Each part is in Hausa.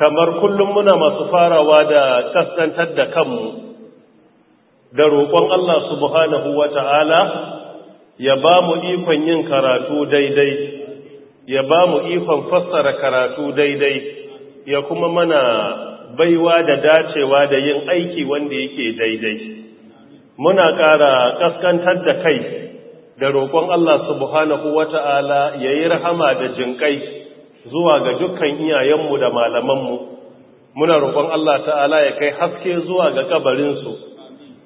kamar kullum muna masu farawa da kaskantar da kanmu da roƙon Allah subhanahu wa ta'ala ya ba mu ikon yin karatu daidai ya ba mu ikon fassara karatu daidai ya kuma mana baiwa da dacewa da yin aiki wanda yake daidai muna ƙara kaskantar da kai da roƙon Allah subhanahu wa ta'ala ya yi rahama da jinƙai zuwa ga dukkan iyayenmu da malamanmu muna roƙon Allah ta'ala ya kai haske zuwa ga kabarinsu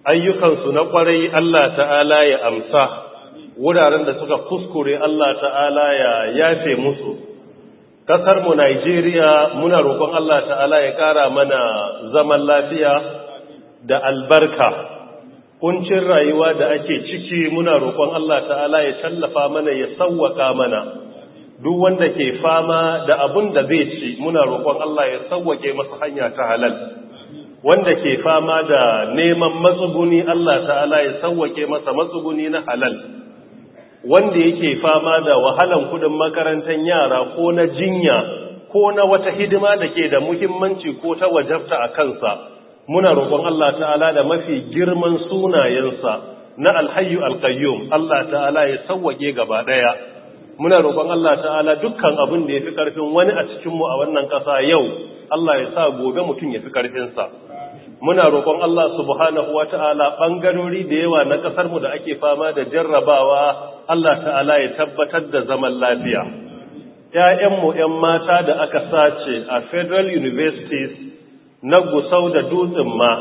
ayyukansu na ƙwarai Allah ta'ala ya amsa wuraren da suka kuskure Allah ta'ala ya yafe musu ƙasarmu Najeriya muna roƙon Allah ta'ala ya ƙara mana zaman lafiya da albarka kuncin rayuwa da ake ciki muna roƙon Allah ta'ala ya tallafa mana ya sawwaka mana duk wanda ke fama da abun da zai ci muna roƙon Allah ya sauwake masa hanya ta halal wanda ke fama da neman matsuguni Allah ta'ala ya sauwake masa matsuguni na halal wanda yake fama da wahalan kudin makarantar yara ko na jinya ko na wata hidima da ke da muhimmanci ko ta wajabta a kansa muna roƙon Allah ta'ala da mafi girman sunayensa na alhayyu alqayyum Allah ta'ala ya sauwake gaba ɗaya muna roƙon Allah ta'ala dukkan abin da ya fi ƙarfin wani a cikinmu a wannan ƙasa yau Allah ya sa gobe mutum ya fi ƙarfinsa muna roƙon Allah subhanahu wa ta'ala ɓangarori da yawa na ƙasarmu da ake fama da jarrabawa Allah ta'ala ya tabbatar da zaman lafiya ‘ya'yanmu ‘yan mata da aka sace a federal universities na gusau da dutsen ma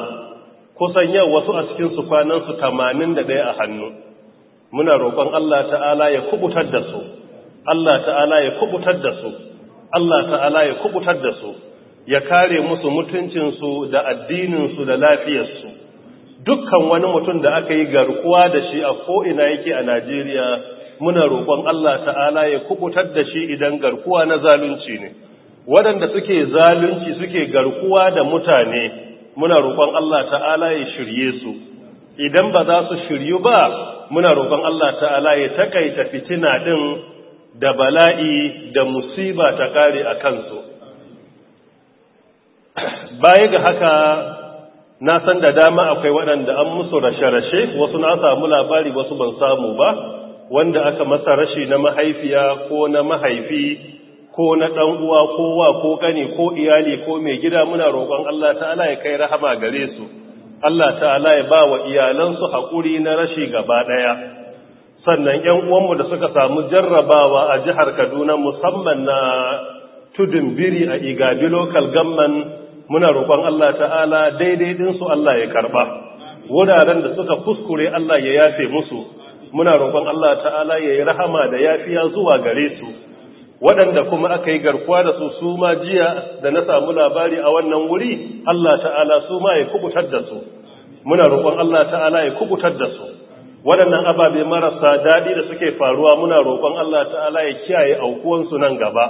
kusan yau wasu a cikin cikinsu kwanansu ɗaya a hannu muna roƙon Allah ta'ala ya kubutar da su Allah ta'ala ya kubutar da su Allah ta'ala ya kubutar da su ya kare musu mutuncinsu da addininsu da lafiyarsu dukkan wani mutum da aka yi garkuwa da shi a ko'ina yake a Najeriya muna roƙon Allah ta'ala ya kubutar da shi idan garkuwa na zalunci ne waɗanda suke zalunci suke garkuwa da mutane muna roƙon Allah ta'ala ya shirye su idan ba za su shiryu ba muna roƙon Allah ta'ala ya taƙaita fitina ɗin da bala'i da musiba ta kare a kansu baya ga haka na san da dama akwai waɗanda an musu rashe-rashe wasu na samu labari wasu ban samu ba wanda aka masa rashi na mahaifiya ko na mahaifi ko na ɗan uwa ko wa ko ƙani ko iyali ko mai gida muna roƙon Allah ta'ala ya kai rahama gare su Allah ta'ala ya ba wa iyalansu haƙuri na rashi gaba ɗaya sannan ‘yan uwanmu da suka samu jarrabawa a jihar Kaduna musamman na tudun biri a igabi local gamman muna roƙon Allah ta'ala daidai su Allah ya karɓa wuraren da suka kuskure Allah ya yafe musu muna roƙon Allah ta'ala ya yi rahama da yafiya zuwa gare su waɗanda kuma aka yi garkuwa da su su ma jiya da na samu labari a wannan wuri Allah ta'ala su ma ya kubutar da su muna roƙon Allah ta'ala ya kubutar da su waɗannan ababe marasa daɗi da suke faruwa muna roƙon Allah ta'ala ya kiyaye aukuwansu nan gaba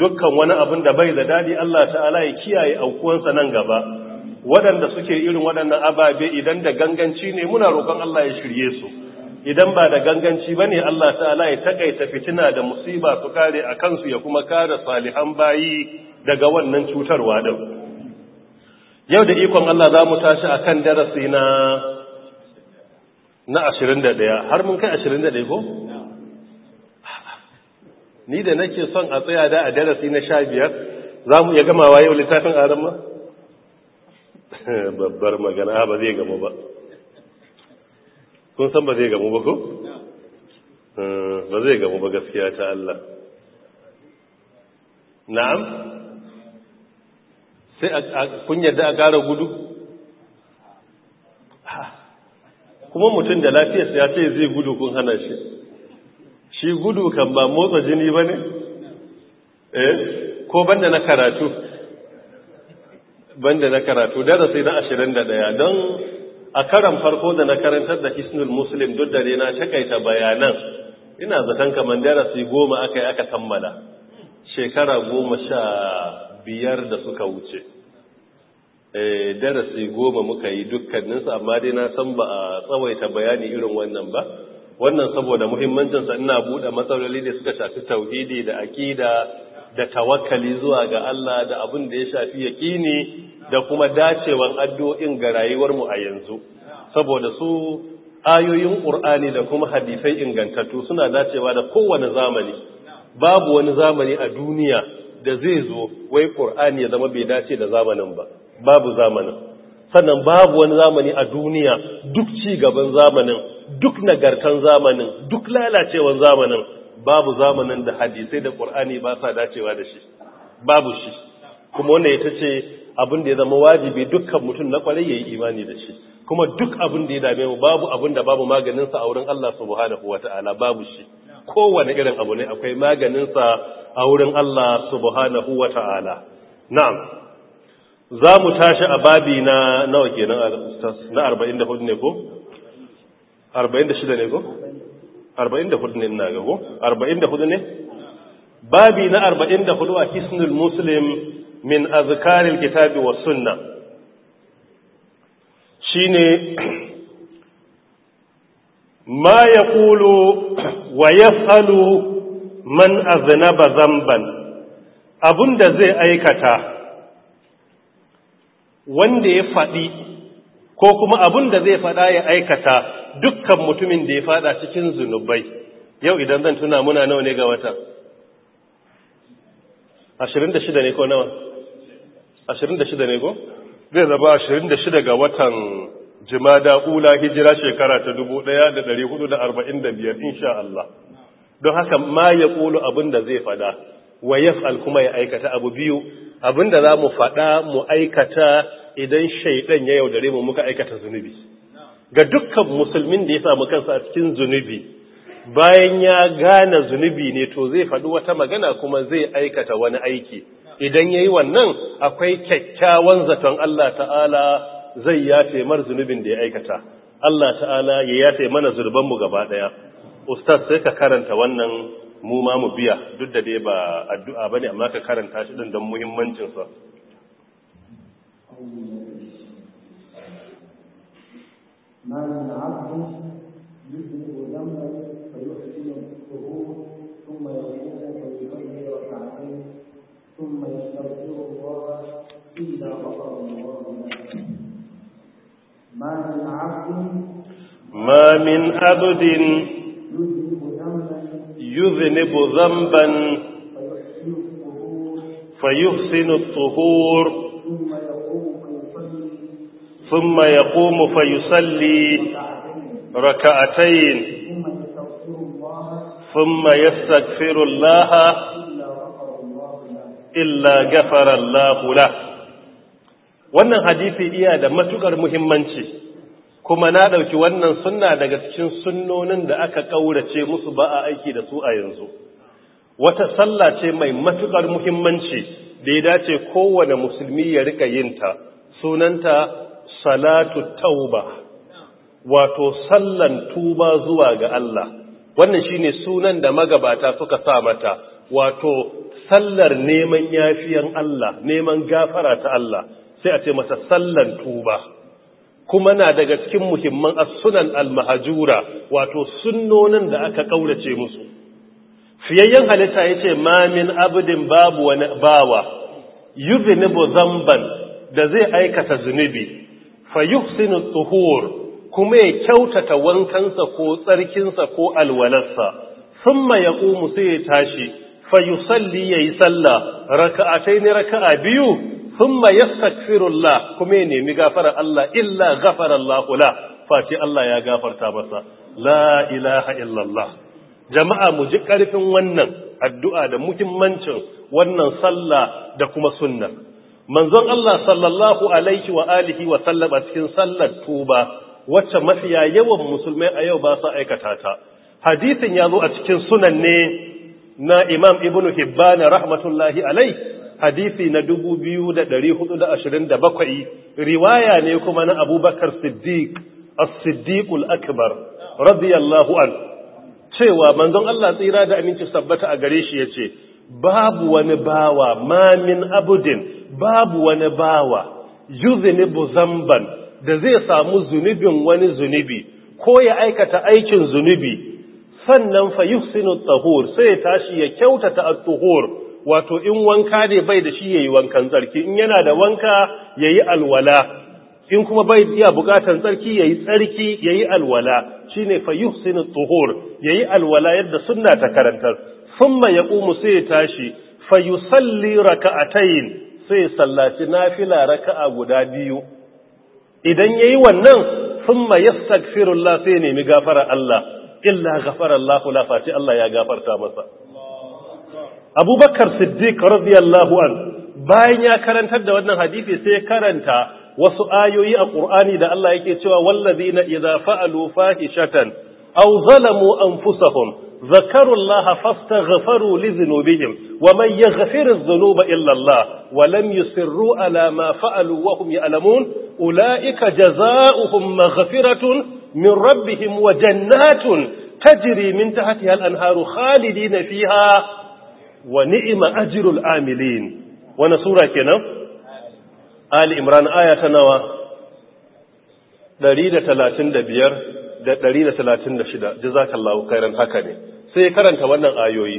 dukkan wani abin da bai da daɗi Allah ta'ala ya kiyaye aukuwansa nan gaba waɗanda suke irin waɗannan ababe idan da ganganci ne muna roƙon Allah ya shirye su idan ba da ganganci ba ne Allah ta'ala ya taƙaita fitina da musiba su kare a kansu ya kuma kare salihan bayi daga wannan cutarwa ɗin yau da ikon Allah za mu tashi a kan darasi na na 21 har mun kai 21 ko ni da nake son a tsaya da a darasi na 15 za mu iya gamawa yau littafin ma babbar magana ah, ba zai gamu ba kun san ba zai gamu ba ko eh, ba zai gamu ba gaskiya ta Allah na'am sai a kunyar da a gara gudu kuma mutum da lafiyarsa ya ce zai gudu kun hana shi shi gudu kan ba motsa jini ba ne eh ko banda na karatu banda na karatu darasi na ashirin da ɗaya don a karan farko da na karantar da hisnul muslim duk da na takaita bayanan ina zaton kamar darasi goma aka yi aka kammala shekara goma sha biyar da suka wuce Eh, darasi goma muka yi dukkaninsu amma dai na san ba a tsawaita bayani irin wannan ba wannan saboda muhimmancinsa ina buɗe matsaloli da suka shafi tauhidi da aƙida da tawakkali zuwa ga Allah da abin da ya shafi yaƙini da kuma dacewan addu'o'in ga rayuwar mu a yanzu saboda su ayoyin ƙur'ani da kuma hadisai ingantattu suna dacewa da kowane zamani babu wani zamani a duniya da zai zo wai ƙur'ani ya zama bai dace da zamanin ba babu zamanin sannan babu wani zamani a duniya duk ci gaban zamanin duk nagartan zamanin duk lalacewan zamanin babu zamanin da hadisai da ƙur'ani ba sa dacewa da shi babu shi kuma wanda ya ce abin da ya zama wajibi dukkan mutum na kwarai ya yi imani da shi kuma duk abin da ya dame mu babu abin da babu maganinsa a wurin Allah subhanahu wata'ala babu shi kowane irin abu ne akwai maganinsa a wurin Allah subhanahu wata'ala na'am za mu tashi a babi na nawa ke nan na 44 ne ko 46 ne ko 44 ne ina ga ko 44 ne babi na 44 a hisnul muslim min azikarin kitabi was sunna ne ma ya kulo wa yaf'alu man aznaba zamban abinda zai aikata wanda ya faɗi ko kuma abin da zai faɗa ya aikata dukkan mutumin da ya faɗa cikin zunubai yau idan zan tuna muna nawa ne ga wata 26 ne ko nawa 26 ne ko zai zaba 26 ga watan jimada ula hijira shekara ta 1445 insha Allah don haka ma ya ƙulu abin da zai faɗa wa yaf'al kuma ya aikata abu biyu abinda za mu faɗa mu aikata idan shaidan ya yaudare mu muka aikata zunubi ga dukkan musulmin da ya samu kansa a cikin zunubi bayan ya gane zunubi ne to zai faɗi wata magana kuma zai aikata wani aiki idan ya yi wannan akwai kyakkyawan zaton Allah ta'ala zai yafe mar zunubin da ya aikata Allah ta'ala ya yafe mana zurbanmu gaba ɗaya ustaz sai ka karanta wannan mu ma mu biya duk da dai ba addu'a bane amma ka karanta shi din don muhimmancin sa ما من عبد يذنب ذنبا فيحسن الطهور ثم يقوم فيصلي ركعتين ثم يستغفر الله إلا غفر الله له wannan hadisi iya ما matukar مهمانشي kuma na ɗauki wannan sunna daga cikin sunnonin da aka ƙaurace musu ba a aiki da su a yanzu wata sallah ce mai matuƙar muhimmanci da ya dace kowane musulmi ya rika yinta sunanta salatu tauba wato sallan tuba zuwa ga Allah wannan shine sunan da magabata suka sa mata wato sallar neman yafiyan Allah neman gafara ta Allah sai a ce masa sallan tuba kuma na daga cikin muhimman as-sunan al-mahjura wato sunnonin da aka kaurace musu fiyayyen halitta yace ma min abdin babu wani bawa yuznibu zamban da zai aikata zunubi fayuhsinu tuhur kuma ya kyautata wankansa ko tsarkinsa ko alwalarsa thumma yaqumu sai ya tashi fayusalli yayi sallah raka'atayn raka'a biyu thumma yastaghfirullah kuma ya nemi gafara Allah illa ghafarallahu la Fati Allah ya gafarta masa la ilaha illallah jama'a mu ji karfin wannan addu'a da muhimmancin wannan sallah da kuma sunna manzon Allah sallallahu alaihi wa alihi wa sallam cikin sallar tuba wacce mafiya yawan musulmai a yau ba su aikata ta hadisin ya zo a cikin sunan ne na imam ibnu hibban rahmatullahi alai hadisi na 2427 riwaya ne kuma na abubakar siddiq as-siddiqul akbar radiyallahu an cewa manzon Allah tsira da aminci sabbata a gare shi yace babu wani bawa mamin abudin babu wani bawa yuzinibu zamban da zai samu zunubin wani zunubi ko ya aikata aikin zunubi sannan fa yuhsinu tahur sai tashi ya kyautata at tahur wato in wanka ne bai da shi yayi wankan tsarki in yana da wanka yayi alwala in kuma bai iya bukatan tsarki yayi tsarki yayi alwala shine fa yuhsinu tuhur yayi alwala yadda sunna ta karantar thumma yaqumu sai tashi fa yusalli tayin sai sallaci nafila raka'a guda biyu idan yayi wannan thumma yastaghfirullah sai nemi gafara Allah illa ghafara Allah la fati Allah ya gafarta masa abubakar siddiq radiyallahu an bayan ya karantar da wannan hadisi sai karanta wasu ayoyi a qur'ani da Allah yake cewa wallazina idza fa'alu fahishatan aw zalamu anfusahum ذكروا الله فاستغفروا لذنوبهم ومن يغفر الذنوب إلا الله ولم يسروا على ما فعلوا وهم يعلمون أولئك جزاؤهم مغفرة من ربهم وجنات تجري من تحتها الأنهار خالدين فيها wa ni'ima ajrul amilin wani sura kenan ali imran aya ta nawa 135 da 136 jazakallahu khairan haka ne sai karanta wannan ayoyi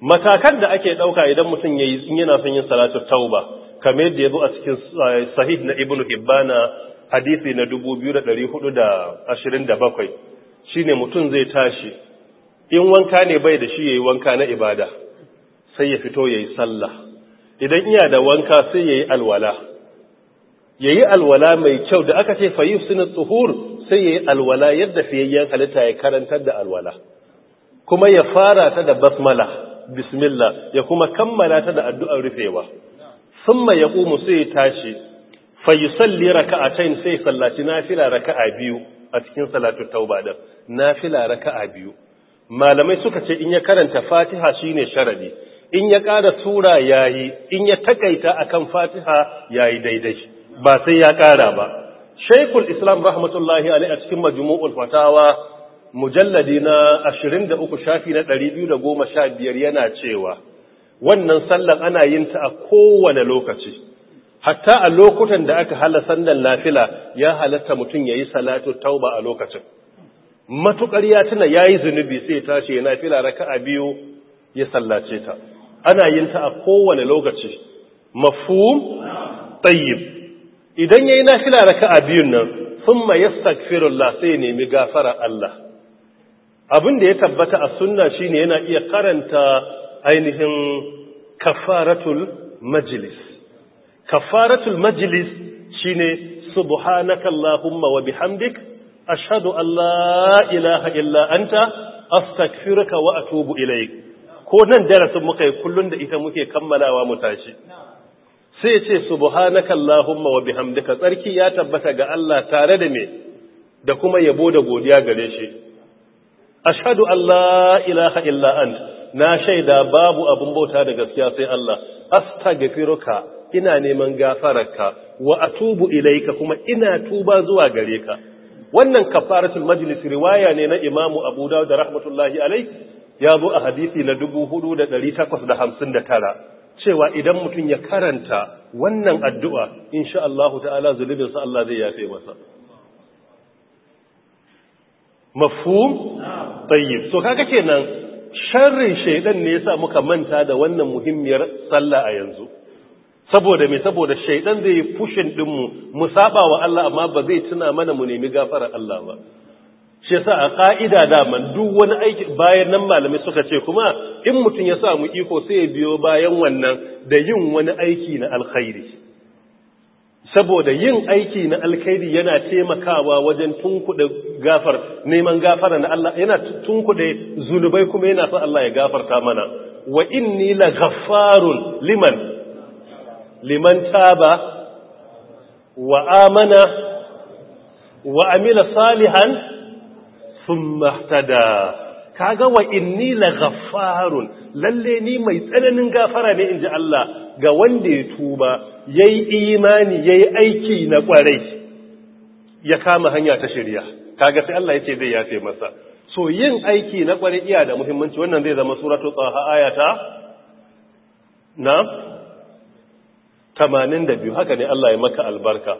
matakan da ake dauka idan mutum yayi in yana son yin salatu tauba kamar yadda yazo a cikin eh, sahih na ibnu hibbana hadisi na 2427 shine mutum zai tashi in wanka ne bai da shi yayi wanka na ibada sai ya fito ya yi sallah idan iya da wanka sai ya yi alwala ya yi alwala mai kyau da aka ce fayi suna tsuhur sai ya yi alwala yadda fiyayyen halitta ya karantar da alwala kuma ya fara ta da basmala bismillah ya kuma kammala ta da addu'ar rufewa summa ya ƙumu sai ya tashi fayi salli can sai sallaci raka a biyu a cikin salatu tauba fila raka a biyu malamai suka ce in ya karanta fatiha shine sharadi in ya ƙara sura yayi in ya takaita kan fatiha yayi daidai ba sai ya ƙara ba shaikul islam rahmatullahi alaihi a cikin majmu'ul fatawa mujalladi na 23 shafi na 215 yana cewa wannan sallan ana yin ta a kowane lokaci hatta a lokutan da aka hala sandan lafila ya halatta mutum ya yi salatu tauba a lokacin matukar ya tuna yayi zunubi sai tashi yana fila raka'a biyu ya sallace ta ana yin ta a kowane lokaci mafhum tayyib idan yayi nafila raka'a biyun nan thumma yastaghfirullah sai nemi gafara Allah abin da ya tabbata a sunna shine yana iya karanta ainihin kafaratul majlis kafaratul majlis shine subhanakallahumma wa bihamdik ashhadu an la ilaha illa anta astaghfiruka wa atubu ko nan darasin muka yi kullun da ita muke kammalawa mu tashi sai ce subhanaka allahumma wa bihamdika tsarki ya tabbata ga Allah tare da me da kuma yabo da godiya gare shi ashhadu an la ilaha illa ant na shaida babu abun bauta da gaskiya sai Allah astaghfiruka ina neman gafararka wa atubu ilaika kuma ina tuba zuwa gare ka wannan kafaratul majlis riwaya ne na imamu Abu Dawud rahmatullahi alayhi ya zo a hadisi na 4859 cewa idan mutum ya karanta wannan addu'a insha Allah ta'ala zulubinsa Allah zai yafe masa mafhum tayyib so ke nan sharrin shaidan ne yasa muka manta da wannan muhimmiyar sallah a yanzu saboda mai saboda shaidan zai yi fushin dinmu mu saba wa Allah amma ba zai tuna mana mu nemi gafarar Allah ba shi sa a ka'ida daman duk wani aiki bayan nan malamai suka ce kuma in mutum ya samu iko sai ya biyo bayan wannan da yin wani aiki na alkhairi saboda yin aiki na alkhairi yana taimakawa wajen tunkuɗe gafar neman gafara na Allah yana tunkuɗe zunubai kuma yana sa Allah ya gafarta mana wa inni la ghaffarun liman liman taba wa amana wa amila salihan thumma tada kaga wa inni laghaffarun lalle ni mai tsananin gafara ne inji Allah ga wanda ya tuba yayi imani yayi aiki na kwarai ya kama hanya ta shirya kaga sai Allah yace zai yafe masa so yin aiki na kwarai iya da muhimmanci wannan zai zama suratul qaha ayata na 82 haka ne Allah ya maka albarka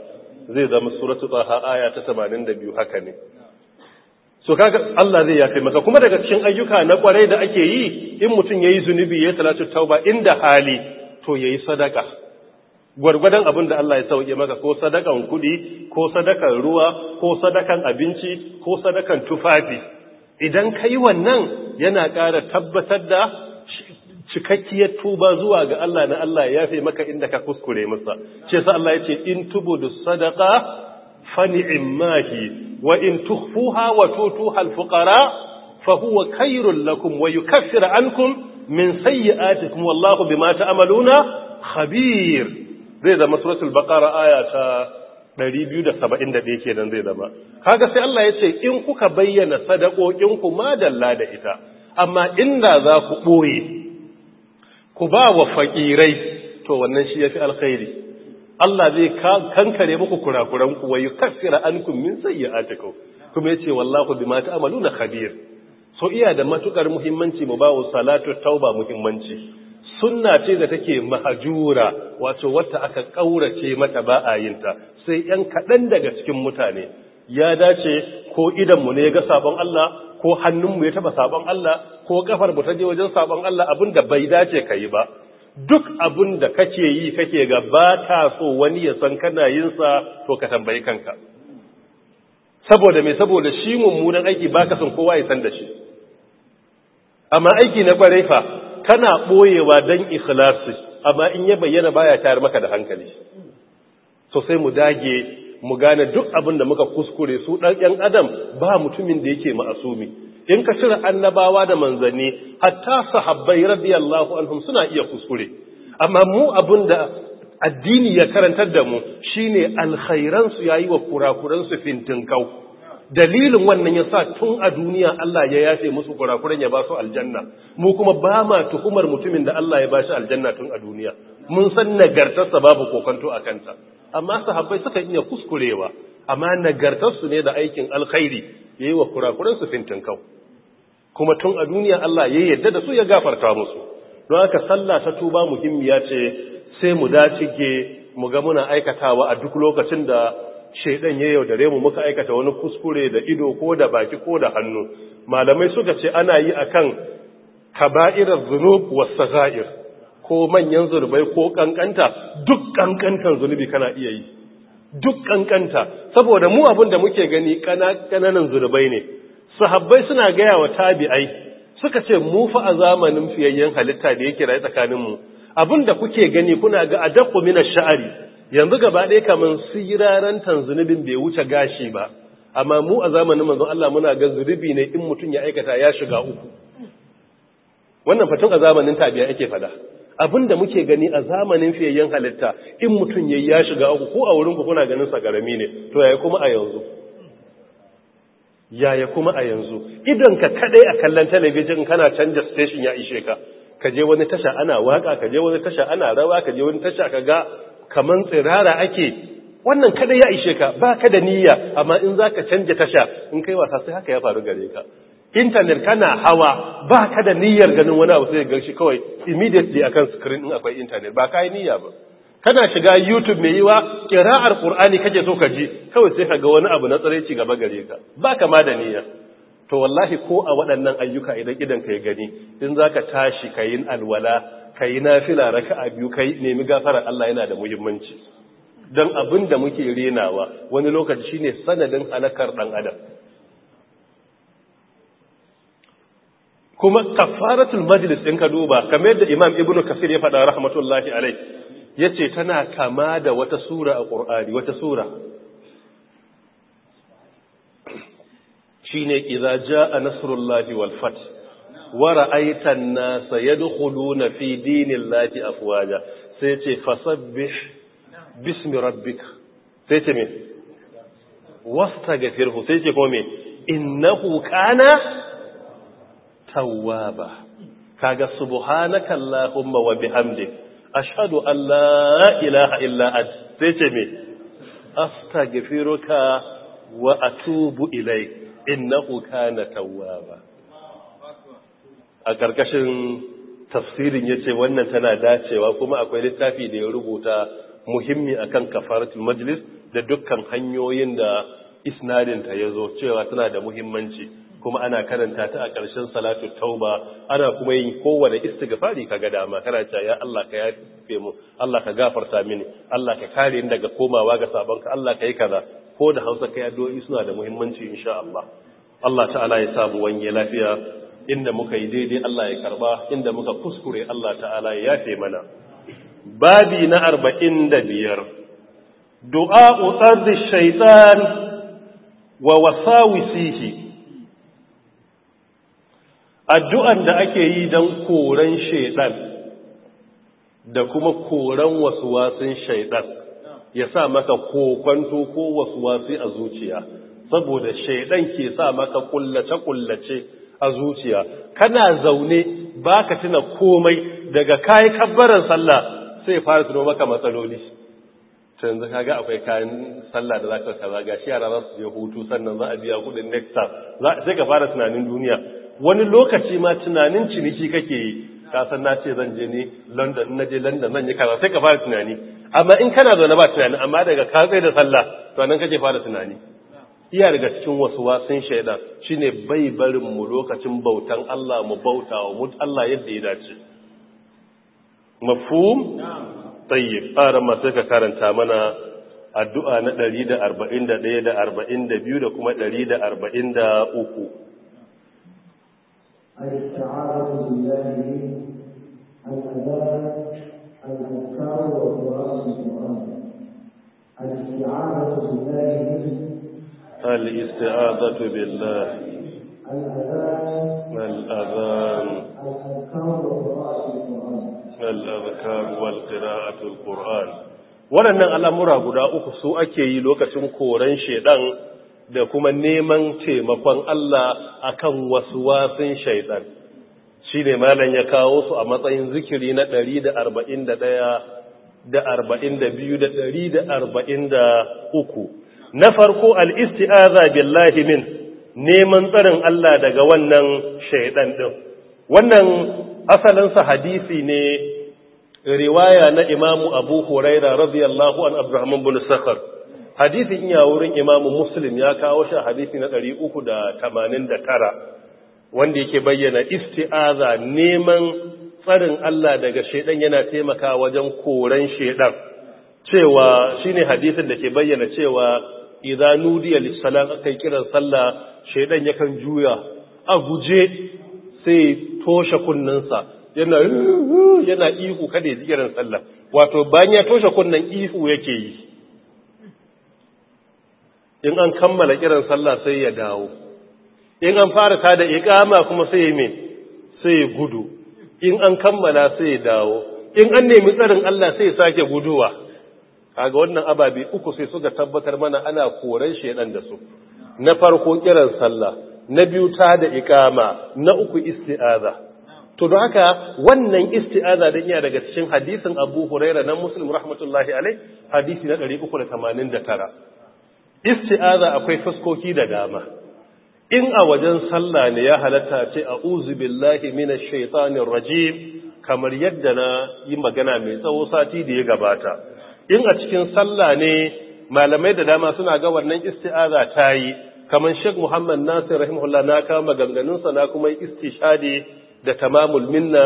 zai zama suratul qaha ayata 82 haka ne so kaga Allah zai yafe maka. kuma daga cikin ayyuka na kwarai da ake yi in mutum yayi zunubi yayi salatu tauba inda hali to yayi sadaka gwargwadon abin da Allah ya sauke maka ko sadakan kudi ko sadakan ruwa ko sadakan abinci ko sadakan tufafi idan kai wannan yana ƙara tabbatar da cikakkiyar tuba zuwa ga Allah na Allah ya yafe maka inda ka kuskure masa ce sa Allah ya ce in tubudu sadaqa fa wa in tukhfuha wa tutuha al-fuqara fa huwa khairul lakum wa yukaffiru ankum min sayyi'atikum wallahu bima ta'maluna khabir zai zama suratul baqara aya ta 271 kenan zai zama kaga sai Allah yace in kuka bayyana sadakokin ku madalla da ita amma inda za ku boye ku ba wa fakirai to wannan shi yafi alkhairi Allah zai kankare muku kurakuran ku wayu kaffira ankum min sayyi'atikum kuma yace wallahu bima ta'maluna khabir so iya da matukar muhimmanci mu bawo salatu tauba muhimmanci sunna ce da take mahajura wato wata aka kaurace mata ba a sai yan kadan daga cikin mutane ya dace ko idan mu ne ga sabon Allah ko hannun mu ya taba sabon Allah ko kafar mu ta je wajen sabon Allah abinda bai dace kai ba duk abin da kake yi kake ga ba ta so wani ya san kana yin sa to ka tambayi kanka saboda me saboda shi mummunan aiki baka son kowa ya san da shi amma aiki na kwarai fa kana boyewa dan ikhlasi amma in ya bayyana baya tayar maka da hankali so sai mu dage mu gane duk abin da muka kuskure su dan yan adam ba mutumin da yake ma'asumi in ka cire annabawa da manzanni hatta sahabbai radiyallahu anhum suna iya kuskure amma mu abinda addini ya karantar da mu shine alkhairan su yayi wa kurakuran su kau. dalilin wannan yasa tun a duniya Allah ya yafe musu kurakuran ya ba su aljanna mu kuma ba ma tuhumar mutumin da Allah ya ba shi aljanna tun a duniya mun san nagartar sa babu kokonto a kanta amma sahabbai suka iya kuskurewa amma nagartar su ne da aikin alkhairi ya yi wa su fintin kau kuma tun a duniya Allah ya yadda da su ya gafarta musu don haka sallah ta tuba muhimmiya ce sai mu dace ge mu ga muna aikatawa a duk lokacin da shaidan ya yaudare mu muka aikata wani kuskure da ido ko da baki ko da hannu malamai suka ce ana yi akan kaba'irar zunub was sagair ko manyan zunubai ko kankanta duk ƙanƙantar zunubi kana iya yi duk kankanta saboda mu abin da muke gani kananan zunubai ne sahabbai suna gaya wa tabi'ai suka ce mu fa a zamanin fiyayyen halitta da yake rai tsakanin mu abin da kuke gani kuna ga adaqu min ash-sha'ri yanzu gaba ɗaya kaman siraran zunubin bai wuce gashi ba amma mu a zamanin manzon Allah muna ga zunubi ne in mutun ya aikata ya shiga uku wannan fatun a zamanin tabi'a yake fada abin da muke gani a zamanin fiyayyen halitta in mutum ya ya shiga uku ko a wurin kuna ganin sa garami ne to yaya kuma a yanzu yaya kuma a yanzu idan ka kadai a kallon talabijin kana canja station ya ishe ka ka je wani tasha ana waka ka je wani tasha ana rawa ka je wani tasha ka ga kaman tsirara ake wannan kaɗai ya ishe ka ba ka da niyya amma in za ka canja tasha in kai wasa sai haka ya faru gare ka intanet kana hawa ba ka da niyyar ganin wani abu sai gashi kawai immediately akan screen din akwai intanet ba kai niyya ba kana shiga youtube mai yiwa kira'ar qur'ani kake so ka ji kawai sai ka ga wani abu na ci gaba gare ka ba ka ma da niyya to wallahi ko a waɗannan ayyuka idan idan ka gani in zaka tashi yi alwala kayi nafila raka'a biyu kai nemi gafarar Allah yana da muhimmanci don abin da muke renawa wani lokaci shine sanadin halakar ɗan adam kuma kafaratul majlis din ka duba kamar yadda imam ibnu kafir ya faɗa rahmatullahi alai yace tana kama da wata sura a qur'ani wata sura shine idza jaa nasrullahi wal fath wa ra'aita an-nasa yadkhuluna fi dinillahi afwaja sai ce fasabbih bismi rabbika sai ce me wastaghfirhu sai ce kuma innahu kana tawwaba kaga subhanaka allahumma wa bihamdik ashhadu an la ilaha illa anta sai me astaghfiruka wa atubu ilayk innahu kana tawwaba a karkashin tafsirin yace wannan tana dacewa kuma akwai littafi da ya rubuta muhimmi akan kafaratul majlis da dukkan hanyoyin da isnadinta ya zo cewa tana da muhimmanci kuma ana karanta ta a ƙarshen salatu tauba ana kuma yin kowane istighfari kaga dama kana cewa ya Allah ka yafe mu Allah ka gafarta mini Allah ka kare ni daga komawa ga sabon ka Allah ka yi kaza ko da Hausa kai addu'o'i suna da muhimmanci insha Allah Allah ta'ala ya samu wani lafiya inda muka yi daidai Allah ya karba inda muka kuskure Allah ta'ala ya yafe mana babi na 45 du'a da shaytan wa wasawisihi addu'an da ake yi don koren shaidan da kuma koren wasu wasin shaidan ya sa maka kokwanto ko wasu wasi a zuciya saboda shaidan ke sa maka kullace-kullace a zuciya kana zaune ba ka tuna komai daga kayi kabbaran sallah sai fara tuno maka matsaloli zaka kaga akwai kayan sallah da za ka kaza shi yara za su je hutu sannan za a biya kudin nectar sai ka fara tunanin duniya wani lokaci ma tunanin ciniki kake yi kasan na ce zan je ni london na je london zan yi kaza sai ka fara tunani amma in kana zaune ba tunani amma daga ka tsaye da sallah to nan kake fara tunani iya daga cikin wasu wasan shaidan shine bai barin mu lokacin bautan Allah mu bauta wa mu Allah yadda ya dace mafhum tayyib ara ma sai ka karanta mana addu'a na 141 da 42 da kuma 143 الاستعاذة بالله منه الأذان الأذكار وقراءة القرآن الاستعاذة بالله الاستعاذة بالله الأذان الأذان الأذكار وقراءة القرآن الأذكار والقراءة القرآن waɗannan al'amura guda uku su ake yi lokacin koren shaidan da kuma neman taimakon Allah akan wasu wasin shaiɗan shi ne malam ya kawo su a matsayin zikiri na 141 da 42 da 143 na farko al-isti'aza billahi min neman tsarin Allah daga wannan shaidan ɗin. wannan asalinsa hadisi ne riwaya na imamu abu huraira radiyallahu an abraham bin hadisi iya wurin imamu muslim ya kawo shi hadisi na 389 wanda yake bayyana isti'aza neman tsarin Allah daga shedan yana taimaka wajen koran shedan cewa shine hadisin da ke bayyana cewa idza nudiya lis-salat kai kiran sallah shedan yakan juya a guje sai toshe kunnensa yana yana ihu kada ya ji kiran sallah wato bayan ya toshe kunnan ihu yake yi in an kammala kiran sallah sai ya dawo in an fara da iqama kuma sai ya me sai ya gudu in an kammala sai ya dawo in an nemi tsarin Allah sai ya sake guduwa kaga wannan ababe uku sai suka tabbatar mana ana koran shedan da su na farko kiran sallah na biyu ta da iqama na uku isti'aza to don haka wannan isti'aza din ya daga cikin hadisin Abu Hurairah na Muslim rahmatullahi alaihi hadisi na 389 isti'aza akwai fuskoki da dama in a wajen sallah ne ya halatta ce a'udhu billahi minash shaitanir rajim kamar yadda na yi magana mai tsawo sati da ya gabata in a cikin sallah ne malamai da dama suna ga wannan isti'aza ta yi kamar Sheikh Muhammad Nasir rahimahullah na kama maganganun sa na kuma istishadi da tamamul minna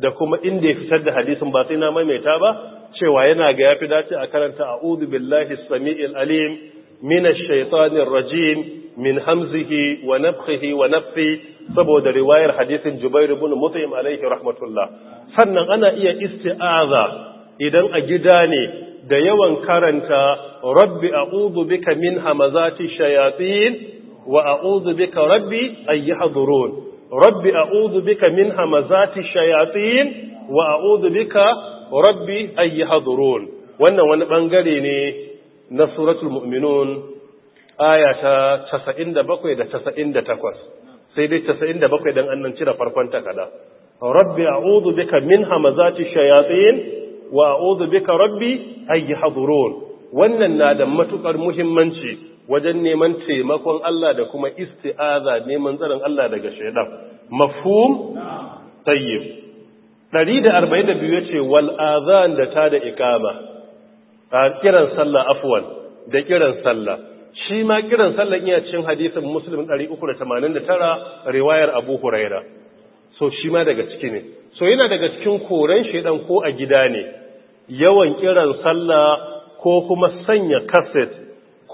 da kuma inda ya fitar da hadisin ba sai na maimaita ba cewa yana ga yafi dace a karanta a'udhu billahi samiil alim من الشيطان الرجيم من همزه ونفخه ونفثه saboda riwayar hadisin Jubair ibn Mut'im alaihi rahmatullah sannan ana iya isti'aza idan a gida ne da yawan karanta rabbi a'udhu bika min hamazati shayatin wa a'udhu bika rabbi ay yahdurun rabbi a'udhu bika min hamazati shayatin wa a'udhu bika rabbi ay yahdurun wannan wani bangare ne na suratul mu'minun aya ta 97 da 98 sai dai 97 dan annan cire farkon takada rabbi a'udhu bika min hamazati shayatin wa a'udhu bika rabbi ay yahdurun wannan na da matukar muhimmanci wajen neman taimakon Allah da kuma isti'aza neman tsaron Allah daga shaydan mafhum tayyib 142 yace wal azan da ta da ikama a kiran sallah afwan da kiran sallah shi ma kiran sallah iya cikin hadisin muslim 389 riwayar abu huraira so shi ma daga ciki ne so yana daga cikin koren shedan ko a gida ne yawan kiran sallah ko kuma sanya kaset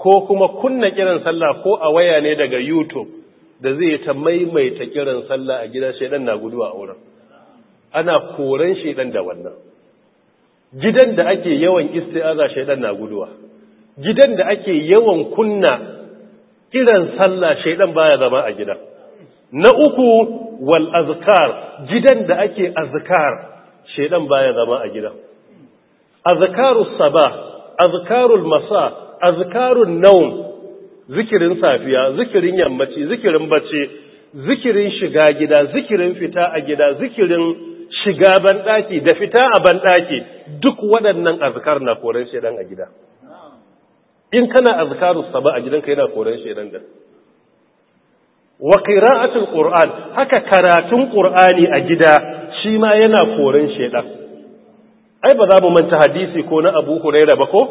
ko kuma kunna kiran sallah ko a waya ne daga youtube da zai ta maimaita kiran sallah a gida shedan na gudu a wurin ana koren shedan da wannan gidan da ake yawan isti'aza shaidan na guduwa gidan da ake yawan kunna kiran sallah shaidan baya zama a gidan na uku wal azkar gidan da ake azkar shaidan baya zama a gida Azkaru sabah azkarul masa azkarun naum zikirin safiya zikirin yammaci zikirin bacci zikirin shiga gida zikirin fita a gida zikirin shiga banɗaki da fita a banɗaki duk waɗannan azkar na koren shedan a gida in kana azkarus saba a gidanka yana koren shedan da wa qira'atul qur'an haka karatun qur'ani a gida shi ma yana koren shedan ai ba za mu manta hadisi ko na Abu Hurairah ba ko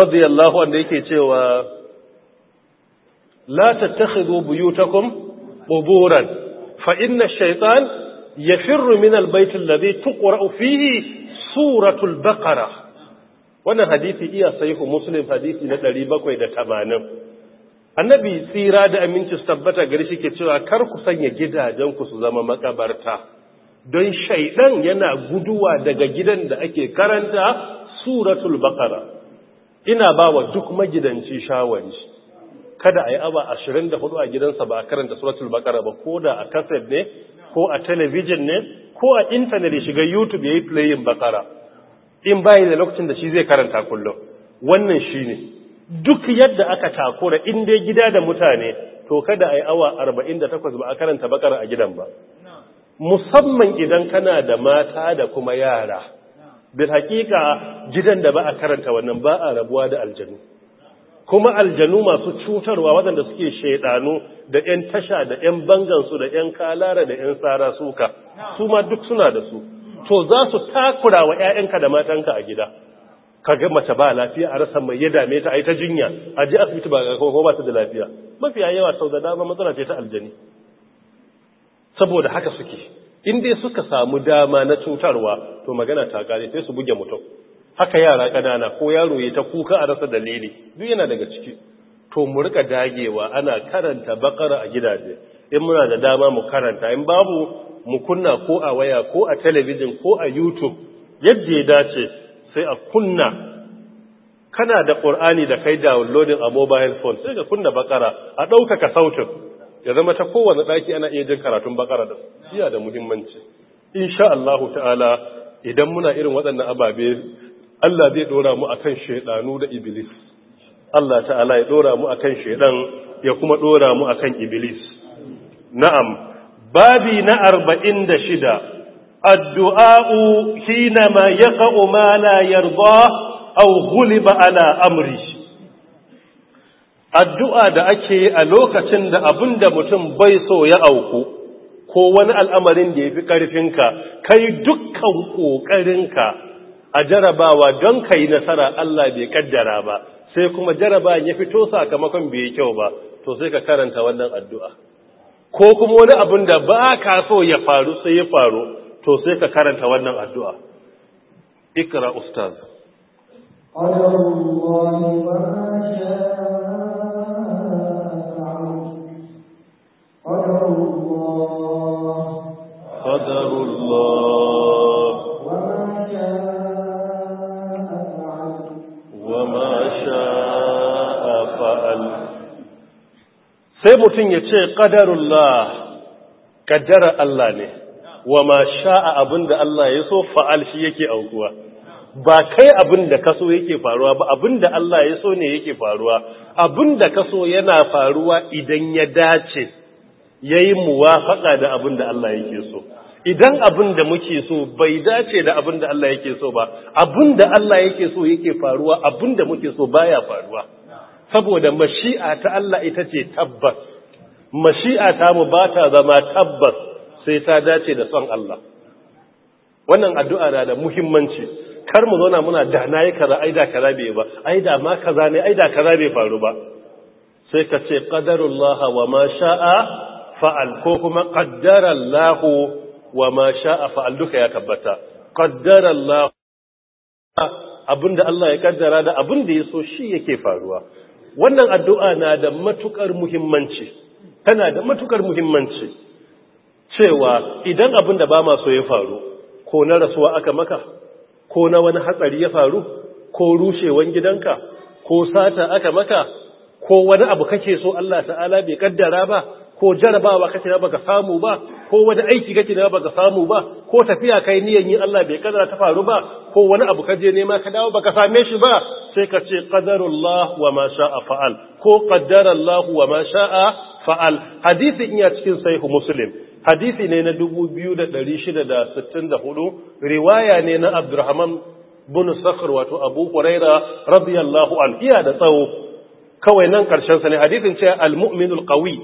radiyallahu anhu yake cewa la tattakhidhu buyutakum quburan fa inna ash-shaytan yafirru min da zai tuqra'u fihi suratul bakara. wannan hadithi iya sahihu muslim hadisi na 780 annabi tsira da aminci tabbata gari ke cewa kar ku sanya gidajen ku su zama makabarta don shaidan yana guduwa daga gidan da ake karanta suratul bakara. ina ba wa duk magidanci shawari kada a yi aba 24 a gidansa ba a karanta suratul bakara ba ko da a kaset ne ko a television ne ko a intanet ya shiga youtube ya yi playin bakara in bayi da lokacin da shi zai karanta kullum wannan shi ne duk yadda aka takura in dai gida da mutane to kada a yi awa 48 ba a karanta bakara a gidan ba musamman idan kana da mata da kuma yara bil hakika gidan da ba a karanta wannan ba a rabuwa da aljanu kuma aljanu masu cutarwa waɗanda suke shaidanu da 'yan tasha da 'yan bangansu da 'yan kalara da 'yan tsara suka su ma duk suna da su to za su takura wa 'ya'yanka da matanka a gida ka ga mace ba lafiya a rasa mai yada dame ta a jinya a ji asibiti ba ko ba ta da lafiya mafiya yawa sau da dama matsala ce ta aljani saboda haka suke in dai suka samu dama na cutarwa to magana ta gane sai su buge mutum haka yara ƙanana ko yaro ya ta kuka a rasa dalili duk yana daga ciki to mu rika dagewa ana karanta bakara a gidaje in muna da dama mu karanta in babu mu kunna ko a waya ko a talabijin ko a youtube yadda ya dace sai a kunna kana da ƙur'ani da kai downloading a mobile phone sai ka kunna bakara a ɗaukaka sautin ya zama ta kowanne ɗaki ana iya jin karatun bakara da iya da muhimmanci insha Allah ta'ala idan muna irin waɗannan ababe Allah zai dora mu akan shaidanu da iblis Allah ta'ala ya dora mu akan shaidan ya kuma dora mu akan iblis na'am babi na 46 addu'a'u hina ma yaqa'u ma yarba yarda aw ghuliba ala amri addu'a da ake a lokacin da abin da mutum bai so ya auku ko wani al'amarin da ya yafi karfinka kai dukkan ƙoƙarinka. a jarabawa don ka yi nasara Allah bai kaddara ba sai kuma jaraba ya fito sakamakon bai yi kyau ba to sai ka karanta wannan addu'a ko kuma wani abin da ba ka so ya faru sai ya faru to sai ka karanta wannan addu'a ikira ustaz قدر الله sai mutum ya ce ƙadarullah ƙaddarar Allah ne wa ma sha'a abin da Allah ya so fa'al shi yake aukuwa ba kai abin da kaso yake faruwa ba abin da Allah ya so ne yake faruwa abin da kaso yana faruwa idan ya dace ya yi muwa muwafaƙa da abin da Allah yake so idan abin da muke so bai dace da abin da Allah yake so ba abin da Allah yake so yake faruwa abin da muke so baya faruwa saboda mashi'a ta Allah ita ce tabbas mashi'a ta mu ba ta zama tabbas sai ta dace da son Allah wannan addu'a na da muhimmanci kar mu zauna muna da na yi kaza da kaza bai ba Ai da ma kaza ne ai da kaza bai faru ba sai ka ce qadarullah wa ma sha'a fa'al ko kuma qaddarallahu wa ma sha'a fa'al duka ya tabbata qaddarallahu abinda Allah ya kaddara da abinda ya so shi yake faruwa wannan addu'a na da matuƙar muhimmanci tana da matukar muhimmanci cewa idan abin da ba maso ya faru ko na rasuwa aka maka ko na wani hatsari ya faru ko rushewan gidanka ko sata aka maka ko wani abu kake so Allah ta'ala bai kaddara ba ko jarabawa kace ba baka samu ba ko wani aiki kake na baka samu ba ko tafiya kai niyan yi Allah bai kadara ta faru ba ko wani abu ka je nema ka dawo baka same shi ba sai ka ce qadarullah wa ma sha'a fa'al ko qaddarallahu wa ma sha'a fa'al hadisi in cikin sahih muslim hadisi ne na 2664 riwaya ne na Abdurrahman bin Sakhr wato Abu Huraira radiyallahu anhu iya da tsawo kawai nan karshen sa ne hadisin ce al-mu'min al-qawi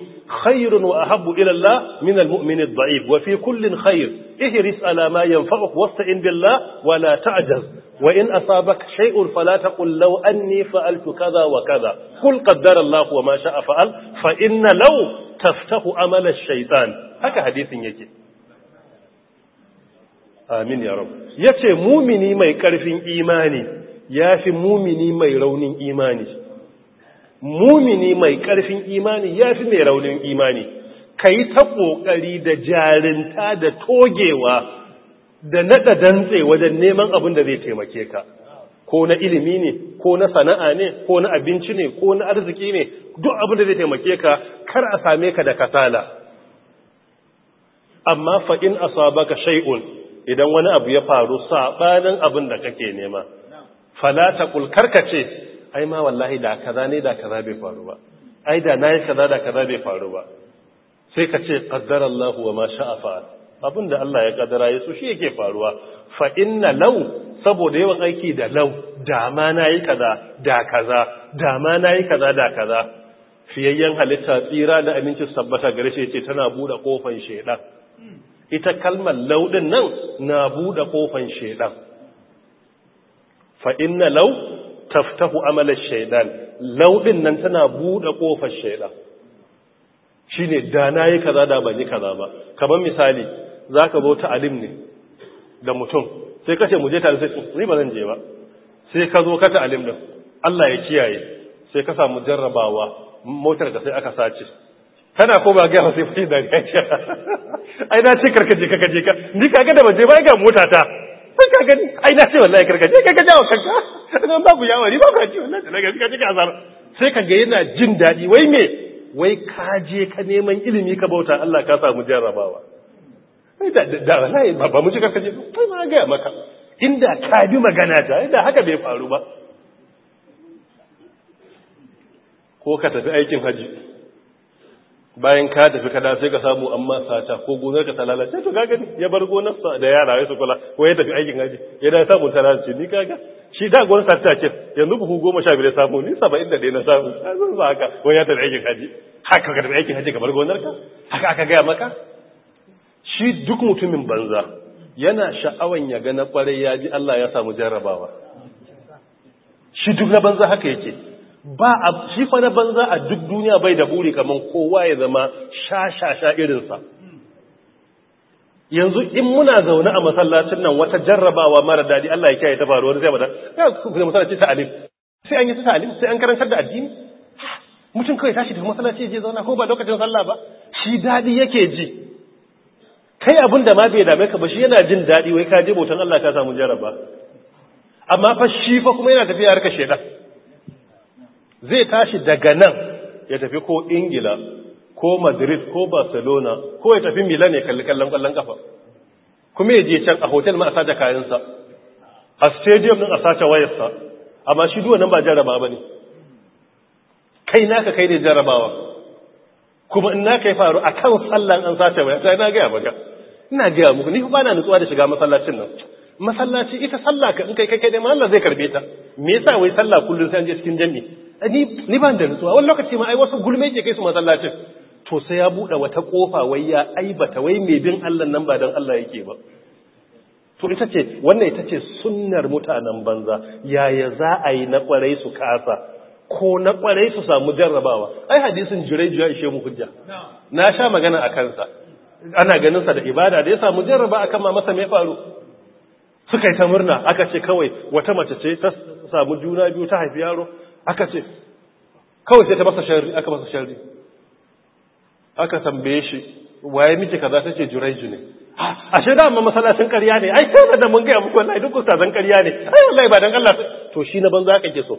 khairun wa ahabbu ila Allah min al-mu'min ad-da'if wa fi kullin khair ihris ala ma yanfa'uk wasta'in billah wa la ta'jaz wa in asabak shay'un fala taqul law anni fa'altu kadha wa kadha qul qaddara Allah wa ma sha'a fa'al fa inna law taftahu amala ash-shaytan haka hadisin yake amin ya rabu yace mumini mai karfin imani yafi mumini mai raunin imani mumini mai ƙarfin imani ya fi mai raunin imani ka yi ta ƙoƙari da jarinta da togewa da naɗa dantse wajen neman abin da zai taimake ka ko na ilimi ne ko na sana'a ne ko na abinci ne ko na arziki ne duk abin da zai taimake ka kar a same ka da kasala amma fa'in asabaka shay'un idan wani abu ya faru saɓanin abin da kake nema fala ka ce. ai ma wallahi da kaza ne da kaza bai faru ba ai da nayi kaza da kaza bai faru ba sai ka ce qaddarallahu wa ma sha'a fa abinda Allah ya kaddara ya shi yake faruwa fa inna law saboda yawan aiki da law da ma nayi kaza da kaza da ma nayi kaza da kaza fiyayyen halitta tsira da aminci sabbata gare shi yace tana bude kofan shedan ita kalmar law din nan na bude kofan shedan fa inna law taftahu amalar shaidan laudin nan tana buɗe ƙofar shaidan shi ne da na yi kaza da ban yi kaza ba kamar misali za ka zo ta alim ne da mutum sai ka ce mu je ta sai ni ba zan je ba sai ka zo ka ta alim din Allah ya kiyaye sai ka samu jarrabawa motar ka sai aka sace kana ko ba ga sai fi da gaci ai na ce karkaje ka kaje ka ni kaga da ban je ba ga mota ta sai ka gani ai na ce wallahi karkace kai ka jawo kanka dan ba ku yawari ba ka ji wallahi daga ka ji ka azar sai ka ga yana jin dadi wai me wai ka je ka neman ilimi ka bauta Allah ka samu jarrabawa da da wallahi ba mu ji karkace kai ma ga maka inda ka bi magana ta inda haka bai faru ba ko ka tafi aikin haji bayan ka tafi kada sai ka samu amma sata ko gonar ka ta lalace to kaga ni ya bar gonar sa da yara sai kula ko ya tafi aikin haji ya da samu ta lalace ni kaga shi da gonar sa ta ce yanzu buhu goma sha biyar samu ni saba da na samu zan sa haka ko ya tafi aikin haji haka ka tafi aikin haji ka bar gonar ka haka aka gaya maka shi duk mutumin banza yana sha'awan ya ga na kwarai ya ji Allah ya samu jarrabawa shi duk na banza haka yake ba a shi fara na banza a duk duniya bai da buri kaman kowa ya zama sha-sha-sha irinsa yanzu in muna zaune a masallacin nan wata jarrabawa mara dadi Allah ya kiyaye ta faru wani sai bada ya kuma masallaci ta alim sai an yi ta alim sai an karantar da addini mutum kawai tashi daga masallaci ya je zauna ko ba lokacin sallah ba shi dadi yake ji kai abin da ma bai dame ka ba shi yana jin dadi wai ka je bautan Allah ka samu jarraba amma fa shi fa kuma yana tafiya harkar shedan zai tashi daga nan ya tafi ko ingila ko madrid ko barcelona ko ya tafi milan ya kalli kallon kwallon kafa kuma ya je can a hotel ma a sace kayansa a stadium din a sace wayarsa amma shi duwa nan ba jaraba ba ne kai naka kai ne jarabawa kuma in naka ya faru a kan sallan an sace waya sai na gaya maka ina gaya muku ni ba na nutsuwa da shiga masallacin nan masallaci ita sallah ka in kai kai dai ma Allah zai karbe ta me yasa wai sallah kullun sai an je cikin jami'i ni ban da nutsuwa wani lokaci ma ai wasu gulme ke kai su masallacin to sai ya buɗe wata ƙofa wai ya aibata wai mai bin Allah nan ba Dan Allah yake ba to ita ce wannan ita ce sunnar mutanen banza yaya za a yi na ƙwarai su kasa ko na kwarai su samu jarrabawa ai hadisin jiraijiya ya ishe mu hujja na sha magana a kansa ana ganin sa da ibada da ya samu jarraba akan ma masa mai faru suka yi ta murna aka ce kawai wata mace ce ta samu juna biyu ta haifi yaro aka ce kawai sai ta masa sharri aka masa sharri aka tambaye shi waye miji kaza ce juraiju ne ah, ashe da amma masallacin ƙarya ne ai sai da mun ga muku wallahi duk zan ƙarya ne ai wallahi ba dan Allah to shi na banza aka ke so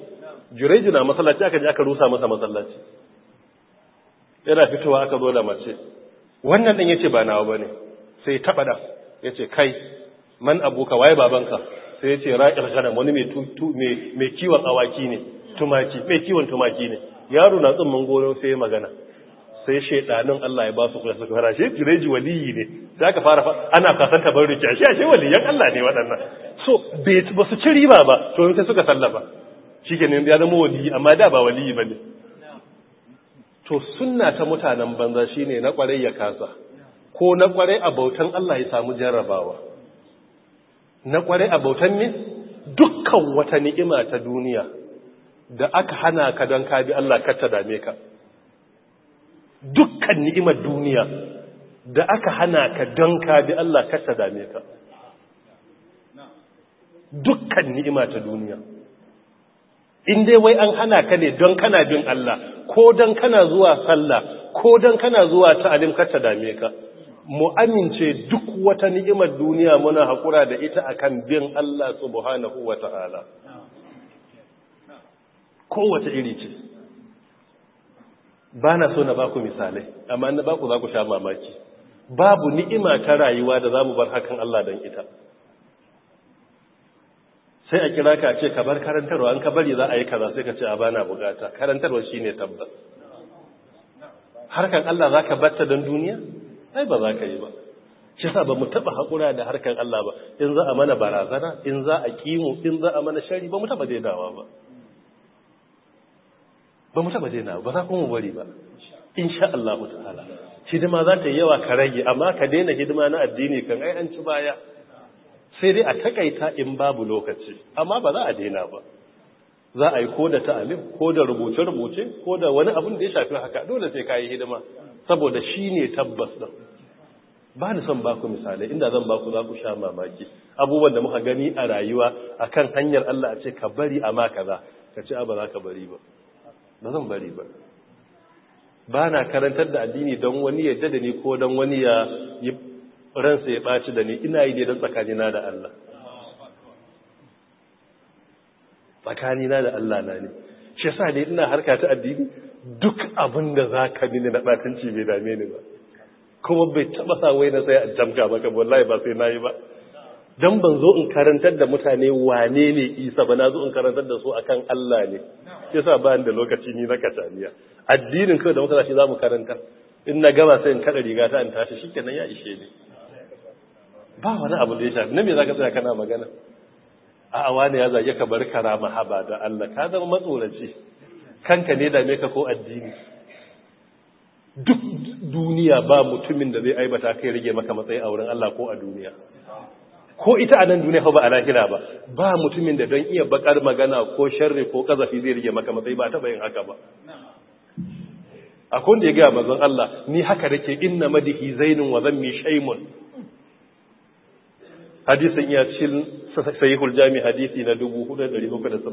juraiju na masallaci aka je aka rusa masa masallaci yana fitowa aka zo da mace wannan din yace ba nawa bane sai taba da yace kai man abuka waye babanka sai yace ra'il ghanam wani mai mai kiwon awaki ne tumaki mai kiwon tumaki ne yaro na tsumman goro sai ya magana sai shaidanin Allah ya ba su kula su fara shi jireji waliyi ne za ka fara ana kasan kyashi ashe ashe waliyan Allah ne waɗannan so ba su ci riba ba to sai suka sallaba shike ne ya zama waliyi amma da ba waliyi ba ne to sunna ta mutanen banza shine na kwarai ya kasa ko na kwarai a bautan Allah ya samu jarrabawa na kwarai a bautan ne dukkan wata ni'ima ta duniya da aka hana ka don ka bi Allah ka ta dame ka dukkan ni'imar duniya da aka hana ka don ka bi Allah ka ta dame ka dukkan ni'ima ta duniya in dai wai an hana ka ne don kana bin Allah ko don kana zuwa sallah ko don kana zuwa ta'alim ka ta dame ka mu amince duk wata ni'imar duniya muna haƙura da ita akan bin Allah subhanahu wa ta'ala kowace iri ce ba na so na baku misalai amma na baku za ku sha mamaki babu ni'ima ta rayuwa da za mu bar hakan Allah don ita sai a kira ka ce ka bar karantarwa an ka bari za a yi kaza sai ka ce a bana bugata karantarwa ne tabbas harkan Allah za ka batta don duniya ai ba za ka yi ba ce sa ba mu taba hakura da harkar Allah ba in za a mana barazana in za a kimu in za a mana shari ba mu taba daidawa ba ba mu taba daina ba za kuma mu bari ba insha Allah ta'ala hidima za ta yi yawa ka rage amma ka daina hidima na addini kan ai an ci baya sai dai a takaita in babu lokaci amma ba za a daina ba za a yi ko da ta'alim ko da rubuce-rubuce ko da wani abin da ya shafi haka dole sai ka hidima saboda shine tabbas da ba ni son baku misalai inda zan baku za ku sha mamaki abubuwan da muka gani a rayuwa akan hanyar Allah a ce ka bari amma kaza ka ce ba za ka bari ba ba zan bari ba ba na karantar da addini don wani ya jada ni ko don wani ya yi ransa ya ɓaci da ni ina yi ne don tsakanina da Allah tsakanina da Allah na ne shi sa ne ina harka ta addini duk abin da za ka nini na ɓatanci bai dame ni ba kuma bai taɓa sa wai na sai a jamga ba ka wallahi ba sai na yi ba don ban zo in karantar da mutane wane ne isa ba na zo in karantar da su akan Allah ne shi yasa bayan da lokaci ni na kataniya addinin kawai da muka shi zamu karanta in na gama sai in kada riga ta in tashi shikenan ya ishe ni ba wani abu da ya shafi na me zaka tsaya kana magana a awa ne ya zage ka bar karama haba da Allah ka zama matsoraci kanka ne dame ka ko addini duk duniya ba mutumin da zai aibata kai rage maka matsayi a wurin Allah ko a duniya ko ita a nan duniya ba a lahira ba ba mutumin da don iya bakar magana ko sharri ko kazafi zai rige maka matsayi ba taɓa yin haka ba akwai da ya gaya mazan Allah ni haka da ke inna madihi zainin wa zan mi shaimun hadisin ya cin sahihul jami hadisi na 4773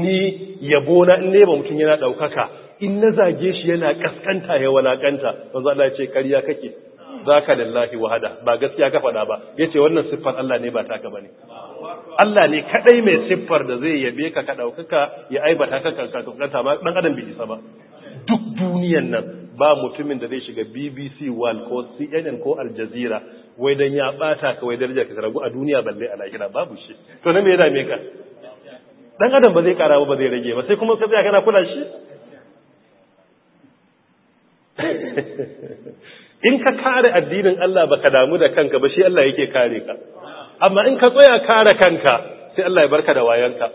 ni yabo na in ne ba mutum yana ɗaukaka, in na zage shi yana kaskanta ya walakanta manzo Allah ya ce karya kake zaka lillahi wahada ba gaskiya ka faɗa ba yace wannan siffar Allah ne ba taka bane Allah ne kadai mai siffar da zai yabe ka ka daukaka ya aibata ka kanka ka kanta ba dan adam bai isa ba duk duniyan nan ba mutumin da zai shiga BBC World ko CNN ko Al Jazeera wai dan ya bata ka wai darajar ka ragu a duniya balle a lahira babu shi to na me yana me ka dan adam ba zai kara ba zai rage ba sai kuma sai kana kula shi in ka kare addinin Allah baka damu da kanka ba shi Allah yake kare ka amma in ka tsaya kare kanka sai Allah ya barka da wayanka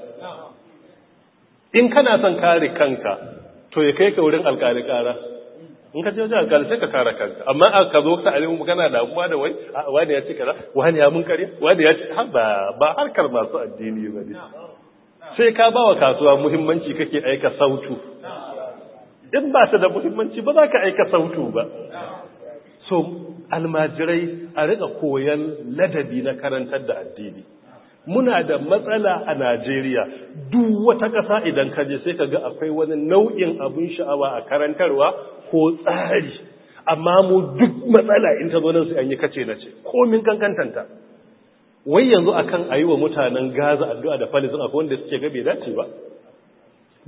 in kana son kare kanka to ya kai ka wurin alƙali ƙara in ka je wajen alƙali sai ka kare kanka amma a ka zo ka alimu kana damuwa da wai wani ya ci kaza wani ya mun kare wani ya ce ba ba harkar masu addini ba ne sai ka ba wa kasuwa muhimmanci kake aika sautu in ba ta da muhimmanci ba za ka aika sautu ba so almajirai a rika koyan ladabi na karantar da addini muna da matsala a Najeriya duk wata ƙasa idan ka je sai ka ga akwai wani nau'in abin sha'awa a karantarwa ko tsari amma mu duk matsala in ta zo nan sai an yi kace na ce komin kankantanta wai yanzu akan yi wa mutanen Gaza addu'a da Palestine akwai wanda suke gabe dace ba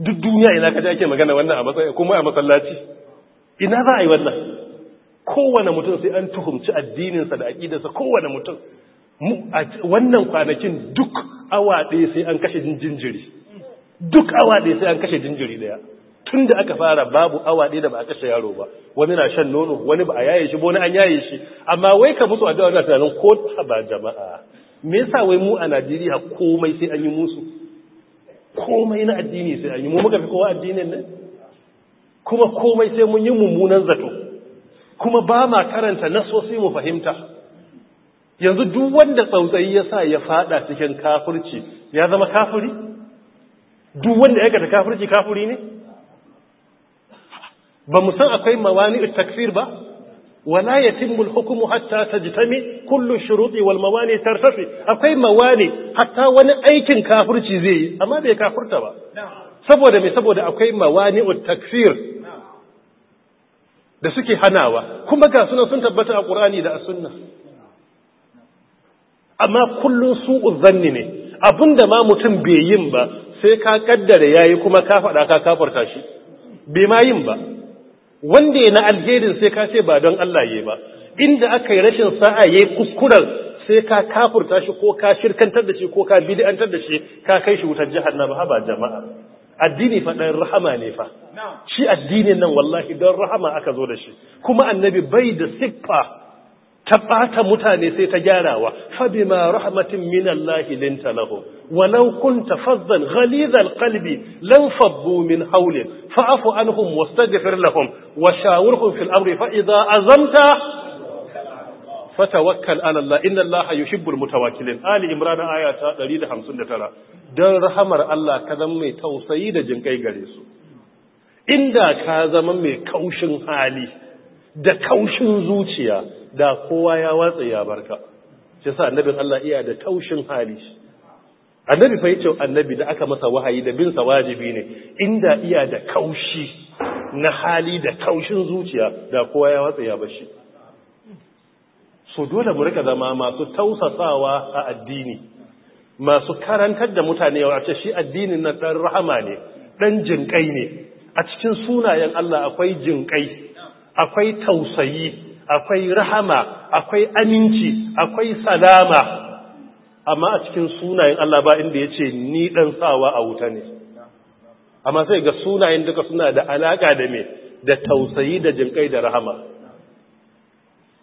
duk duniya ina kaje ake magana wannan a matsayi kuma a masallaci ina za a yi wannan kowane mutum sai an tuhumci addininsa da aƙidarsa kowane mutum wannan kwanakin duk awa ɗaya sai an kashe jinjiri duk awa ɗaya sai an kashe jinjiri ɗaya tun da aka fara babu awa ɗaya da ba a kashe yaro ba wani na shan nono wani ba a yaye shi ba wani an yaye shi amma wai ka musu addu'a na tunanin ko ta ba jama'a me yasa wai mu a Najeriya komai sai an yi musu komai na addini sai an yi mu muka fi kowa addinin nan kuma komai sai mun yi mummunan zato kuma ba ma karanta nasosi mu fahimta yanzu duk wanda tsautsayi ya sa ya fada cikin kafirci ya zama kafiri duk wanda ya gata kafirci kafiri ne ba mu san akwai mawani takfir ba wala yatimmu al-hukmu hatta tajtami kullu shuruti wal mawani tartafi akwai mawani hatta wani aikin kafirci zai yi amma bai kafirta ba saboda me saboda akwai mawani takfir da suke hanawa kuma ga sunan sun tabbata a ƙur'ani da a sunna amma kullum su uzanni ne abinda ma mutum bai yin ba sai ka kaddara yayi kuma ka faɗa ka kafarta shi bai ma yin ba wanda ya na alherin sai ka ce ba don Allah yi ba inda aka yi rashin sa'a yayi kuskuren sai ka kafarta shi ko ka shirkantar da shi ko ka bid'antar da shi ka kai shi wutar jihar jahannama ba jama'a addini fa dan rahama ne fa shi addinin nan wallahi don rahama aka zo da shi kuma annabi bai da siffa ta bata mutane sai ta gyarawa fa bima rahmatin minallahi linta lahum walau kunta fazzan ghalidhal qalbi lan fabbu min hawlik fa'fu anhum wastaghfir lahum wa shawirhum fil amri fa idha azamta fatawakkal ala Allah inna Allah yuhibbul mutawakkilin ali imran ayata 159 dan rahamar Allah ka zama mai tausayi da jinkai gare su inda ka zama mai kaushin hali da kaushin zuciya da kowa ya watsa ya barka shi yasa annabin Allah iya da taushin hali annabi fa yace annabi da aka masa wahayi da bin sa wajibi ne inda iya da kaushi na hali da kaushin zuciya da kowa ya watsa ya bashi so dole mu rika zama masu tausasawa a addini masu karantar da mutane a ce shi addinin nan dan rahama ne dan jinkai ne a cikin sunayen Allah akwai jinkai akwai tausayi akwai rahama akwai aminci akwai salama amma a cikin sunayen Allah ba inda yace ni dan sawa a wuta ne amma sai ga sunayen duka suna da alaka da me da tausayi da jinkai da rahama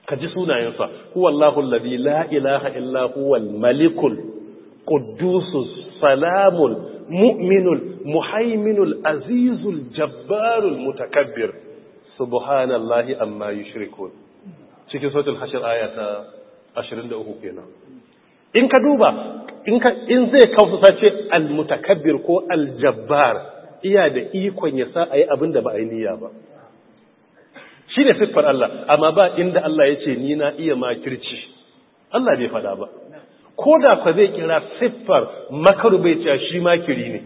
ka ji sunayensa huwallahu alladhi la ilaha illa huwal malikul quddusus Salamun, mu'minul muhaiminul azizul jabbarul mutakabbir subhanallahi amma yi shirikun. cikin suratul hashir aya ta 23 kenan in ka duba in zai kausa ce al mutakabbir ko al jabbar iya da ikon ya sa ayi abin da ba a yi niyya ba shi ne siffar Allah amma ba inda Allah ya ce ni na iya makirci Allah bai fada ba ko da kwa zai kira siffar makaru bai shi makiri ne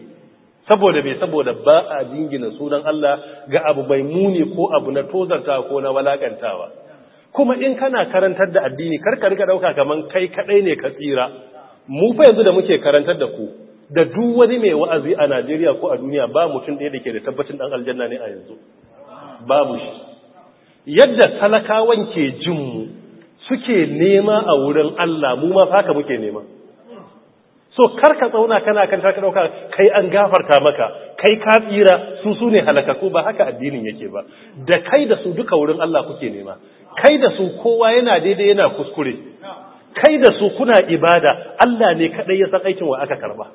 saboda bai saboda ba a jingina sunan Allah ga abu bai muni ko abu na tozarta ko na walakantawa kuma in kana karantar da addini karkar ka dauka kaman kai kadai ne ka tsira mu fa yanzu da muke karantar da ku da duk wani mai wa'azi a Najeriya ko a duniya ba mutum ɗaya da ke da tabbacin dan aljanna ne a yanzu babu shi yadda talakawan ke jin mu suke nema a wurin Allah mu ma haka muke nema so kar ka tsauna kana kan ka dauka kai an gafarta maka kai ka tsira su su ne halakaku ba haka addinin yake ba da kai da su duka wurin Allah kuke nema kai da su kowa yana daidai yana kuskure kai da su kuna ibada Allah ne kadai ya san aikin wa aka karba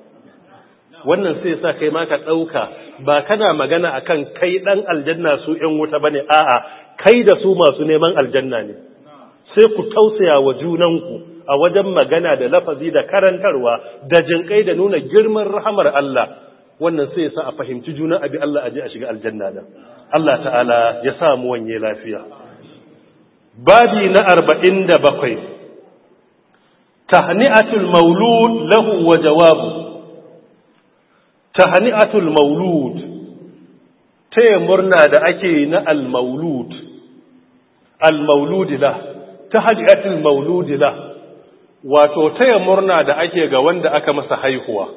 wannan sai sa kai ma ka dauka ba kana magana akan kai dan aljanna su yan wuta bane a'a kai da su masu neman aljanna ne sai ku tausaya wa junanku a wajen magana da lafazi da karantarwa da jinkai da nuna girman rahamar Allah wannan sai ya sa a fahimci juna abi Allah aje a shiga aljanna da Allah ta'ala ya sa mu wanye lafiya babi na 47 tahni'atul maulud lahu wa jawabu tahni'atul maulud taya murna da ake na al-maulud al-mauludila tahliyatul mauludila wato taya murna da ake ga wanda aka masa haihuwa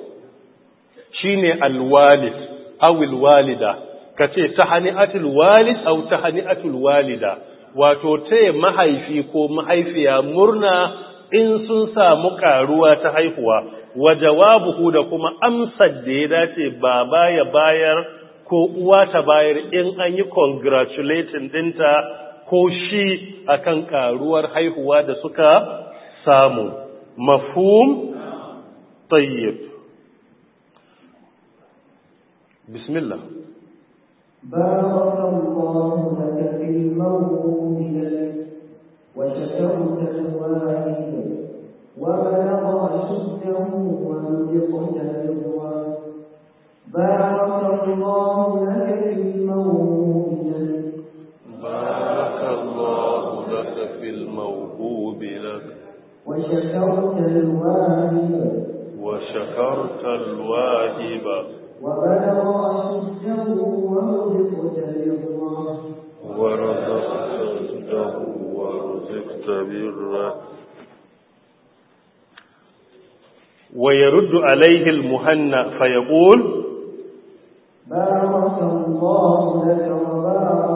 shine al-walid aw al-walida kace hani'atul walid aw tahniyatul walida wato taya mahaifi ko mahaifiya murna in sun samu karuwa ta haihuwa wa jawabuhu da kuma amsar da ya dace baba ya bayar ko uwa ta bayar in an yi congratulating dinta ko shi akan karuwar haihuwa da suka samu mafhum tayyib bismillah barakallahu laka fil mawlid wa shakawta walid wa balagha ashuddahu wa بارك الله لك في الموهوب لك بارك الله لك في الموهوب لك وشكرت الواهب وشكرت الواهب وبلغ أشده ورزقت بره ورزقت أشده ورزقت بره ويرد عليه المهنا فيقول بارك الله لك وبارك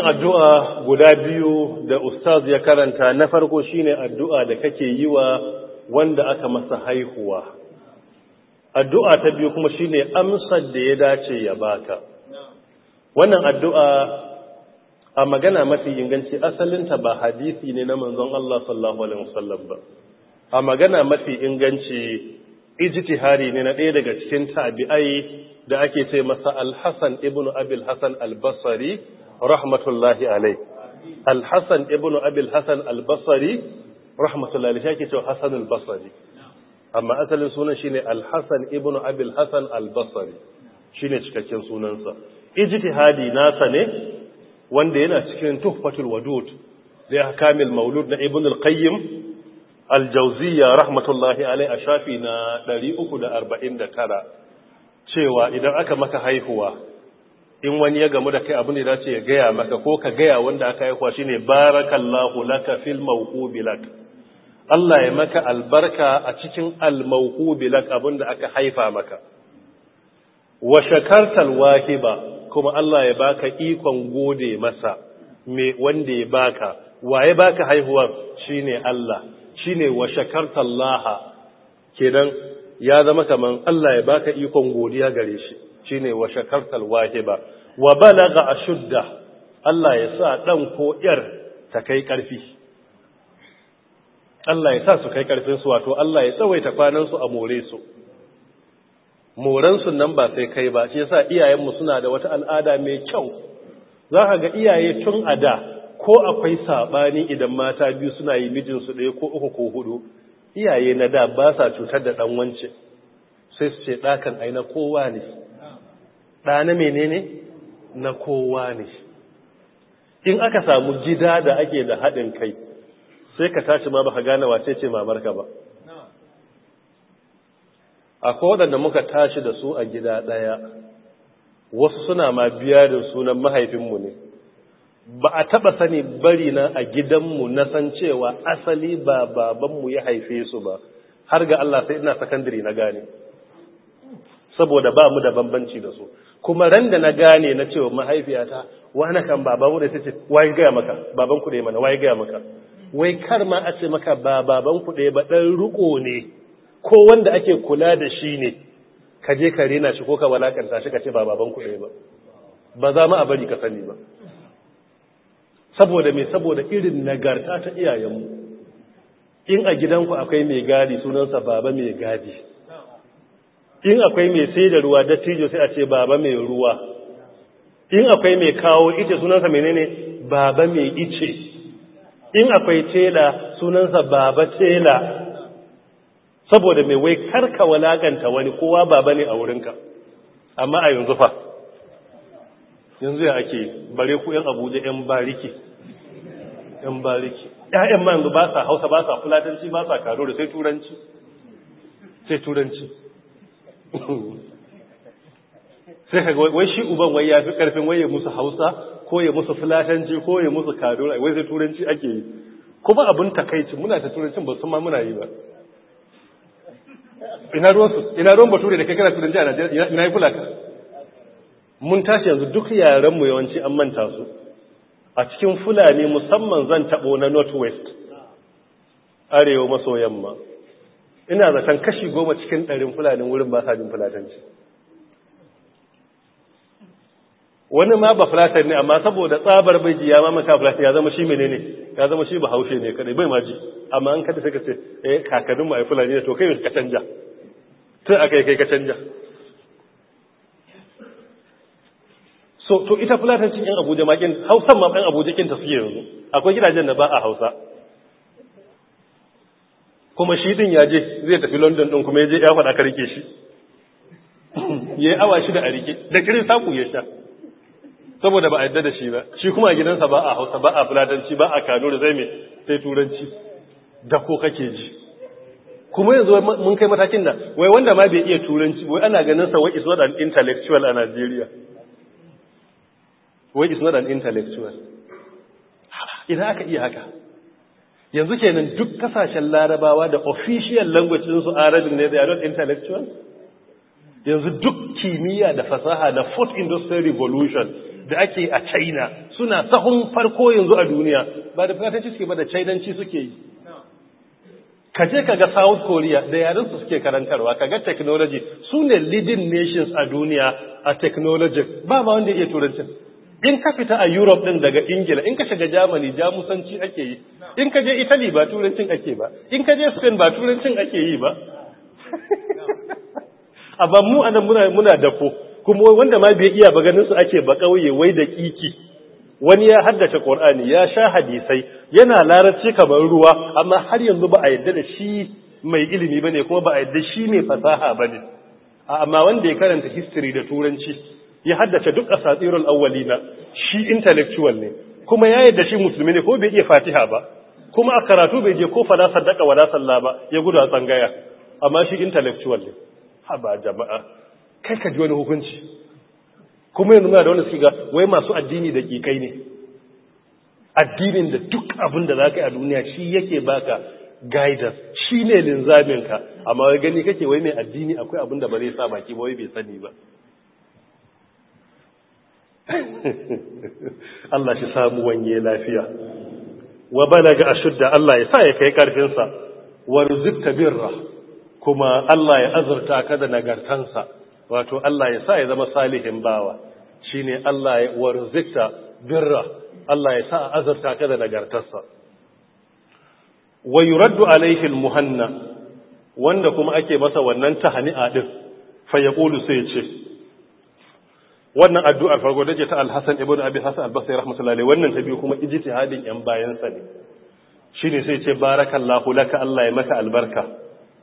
wannan addu'a guda biyu da ustaz ya karanta na farko shine addu'a da kake yi wa wanda aka masa haihuwa addu'a ta biyu kuma shine amsar da ya dace ya baka wannan addu'a a magana mafi inganci asalinta ba hadisi ne na manzon Allah sallallahu alaihi wasallam ba a magana mafi inganci ijtihari ne na ɗaya daga cikin tabi'ai da ake ce masa al-Hasan ibn Abil Hasan al-Basri rahmatullahi alai al-Hasan ibn Abil Hasan al-Basri rahmatullahi alai shi cewa Hasan al-Basri amma asalin sunan shine al-Hasan ibn Abil Hasan al-Basri shine cikakken sunansa ijtihadi nasa ne wanda yana cikin tuhfatul wadud da kamil maulud na ibn al-Qayyim aljauziya rahmatullahi alai a shafi na 349 cewa idan aka maka haihuwa in wani ya gamu da kai abin da dace ya gaya maka ko ka gaya wanda aka haihuwa shine barakallahu laka fil mawqubi Allah ya maka albarka a cikin al mawqubi abin da aka haifa maka wa shakartal wahiba kuma Allah ya baka ikon gode masa me wanda ya baka waye baka haihuwar shine Allah Shi ne wa shakarta ke nan ya zama kaman Allah ya baka ikon godiya gare shi Shi ne wa shakarta ba wa ga ashudda Allah ya sa dan ko yar ta kai ƙarfi. Allah ya sa su kai ƙarfinsu wato Allah ya tsawaita kwanansu a more su morensu nan ba sai kai ba shi ya iyayen mu suna da wata al'ada mai kyau za ka ga iyaye tun a da ko akwai saɓani idan mata biyu suna yi mijinsu ɗaya ko uku ko hudu iyaye na da ba sa cutar da ɗan wance sai su ce ɗakan ai kowa ne ɗa na menene na kowa ne in aka samu gida da ake da haɗin kai sai ka tashi ma ba ka gane wace ce ka ba akwai waɗanda muka tashi da su a gida ɗaya wasu suna ma biya da sunan mahaifinmu ne ba a taɓa sani bari na a gidanmu na san cewa asali ba babanmu ya haife su ba har ga Allah sai ina sakandare na gane saboda ba mu da bambanci da su kuma ran da na gane na cewa mahaifiyata wani kan babanku sai ce wai gaya maka Baban da mana wai gaya maka wai kar ma a ce maka ba ku da ba dan ruko ne ko wanda ake kula da shi ne ka je ka rena shi ko ka walakanta shi ka ce ba ku da ba ba za mu a bari ka sani ba saboda mai saboda irin nagarta ta iyayenmu in a gidanku akwai mai gadi sunansa baba mai gadi in akwai mai sai da ruwa dattijo sai a ce baba mai ruwa in akwai mai kawo ice sunansa menene baba mai ice in akwai tela sunansa baba tela saboda mai wai karka walakanta wani kowa baba ne a wurinka amma a yanzu fa yanzu ya ake bare ku yan abuja yan bariki ɗan bariki ‘ya'yan ma yanzu ba sa hausa ba sa fulatanci ba sa karo da sai turanci sai turanci sai kaga wai shi uban wai ya fi ƙarfin wai ya musu hausa ko ya musu fulatanci ko ya musu karo wai sai turanci ake yi ba abin takaici muna ta turancin ba su ma muna yi ba ina ruwan bature da kai kana turanci a najeriya ina yi fulata. mun tashi yanzu duk yarenmu yawanci an manta su a cikin fulani musamman zan taɓo na northwest arewa maso yamma ina zaton kashi goma cikin ɗarin fulani wurin ba sa jin fulatanci wani ma ba fulatan ne amma saboda tsabar bai ji ya mamanta fulatan ya zama shi menene ya zama shi ba haushe ne kadai bai ma ji amma an kada sai ka ce eh kakanninmu ai fulani ne to kai ka canja tun akai kai ka canja so to ita fulatancin yan abuja ma kin ma abuja kinta suke yanzu akwai gidajen da ba a hausa kuma shi din ya je zai tafi london ɗin kuma ya je ya faɗa ka rike shi ya yi awa shida a rike da kirin saku ya sha saboda ba a yadda da shi ba shi kuma a gidansa ba a hausa ba a fulatanci ba a kano da zai mai sai turanci da ko kake ji kuma yanzu mun kai matakin da wai wanda ma bai iya turanci wai ana ganin sa wai is not an intellectual a Najeriya wai is not an intellectual idan aka iya haka yanzu kenan duk kasashen larabawa da official language su arabic ne they are not intellectual yanzu duk kimiyya da fasaha da fourth industrial revolution da ake a china suna sahun farko yanzu a duniya ba da fulatanci suke ba da chainanci suke yi ka je ka ga south korea da yaren su suke karantarwa ka ga technology su ne leading nations a duniya a technology ba ma wanda iya turancin in ka fita a Europe din daga Ingila in ka shiga Germany jamusanci ake yi in ka je Italy ba turancin ake ba in ka je Spain ba turancin ake yi ba amma mu anan muna muna dako kuma wanda ma bai iya ba ganin su ake ba kauye wai da kiki wani ya haddace Qur'ani ya sha hadisai yana larabci kamar ruwa amma har yanzu ba a yadda da shi mai ilimi bane kuma ba a yadda shi mai fasaha bane amma wanda ya karanta history da turanci ya haddace duk asatirul awwalina shi intellectual ne kuma ya yadda shi musulmi ne ko bai iya fatiha ba kuma a karatu bai je ko fala sadaka wala salla ba ya gudu a tsangaya amma shi intellectual ne haba jama'a kai ka ji wani hukunci kuma yanzu muna da wani siga wai masu addini da kikai ne addinin da duk abin da zaka yi a duniya shi yake baka guidance shi ne linzaminka amma wai gani kake wai mai addini akwai abin da ba zai sa baki ba wai bai sani ba Allah shi samu wanye lafiya wa balaga ashudda Allah ya sa ya kai karfinsa warzuqta birra kuma Allah ya azurta ka da nagartansa wato Allah ya sa ya zama salihin bawa shine Allah ya birra Allah ya sa azurta ka da nagartarsa wa yuraddu alaihi almuhanna wanda kuma ake masa wannan tahani'a din fa yaqulu sai ya ce wannan addu'ar farko da ke ta alhassan ibn abi hassan albasai rahmatullahi wannan ta biyu kuma ijtihadin yan bayansa ne shine sai ce allahu laka Allah ya maka albarka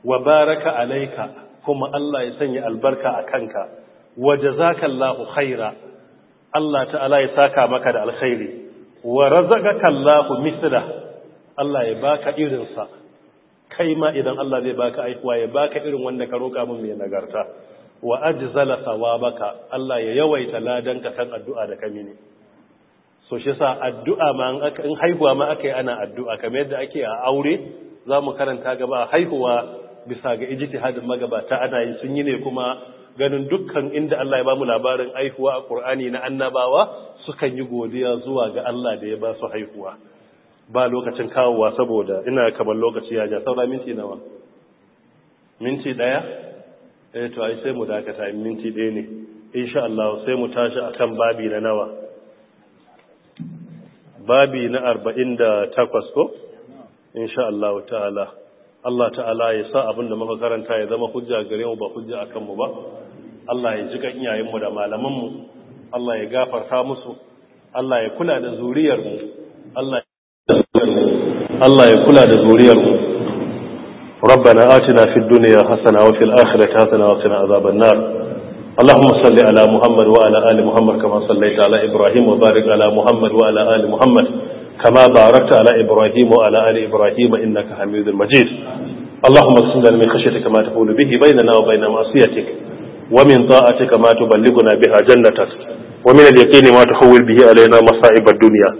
wa baraka alaika kuma Allah ya sanya albarka a kanka wa jazakallahu khaira Allah ta'ala ya saka maka da alkhairi wa razaqakallahu misla Allah ya baka irinsa kai ma idan Allah zai baka aikuwa ya baka irin wanda ka roka mun mai nagarta wa ajzala sawabaka Allah ya yawaita ladanka kan addu'a da kamini so shi sa addu'a ma in haihuwa ma aka yi ana addu'a kamar yadda ake a aure za mu karanta gaba haihuwa bisa ga ijtihadin magabata ana yin sun yi ne kuma ganin dukkan inda Allah ya ba mu labarin haihuwa a Qur'ani na annabawa sukan yi godiya zuwa ga Allah da ya ba su haihuwa ba lokacin kawowa saboda ina kamar lokaci ya ja saura minti nawa minti daya eh to ai sai mu dakata in minti ɗaya ne insha Allah sai mu tashi akan babi na nawa babi na 48 ko insha Allah ta'ala Allah ta'ala ya sa abin da muka karanta ya zama hujja gare mu ba hujja akan mu ba Allah ya jika iyayen mu da malaman mu Allah ya gafarta musu Allah ya kula da zuriyar mu Allah ya kula da zuriyar mu ربنا آتنا في الدنيا حسنة وفي الآخرة حسنة وقنا عذاب النار اللهم صل على محمد وعلى آل محمد كما صليت على إبراهيم وبارك على محمد وعلى آل محمد كما باركت على إبراهيم وعلى آل إبراهيم إنك حميد مجيد اللهم اقسم لنا من خشيتك ما تقول به بيننا وبين معصيتك ومن طاعتك ما تبلغنا بها جنتك ومن اليقين ما تحول به علينا مصائب الدنيا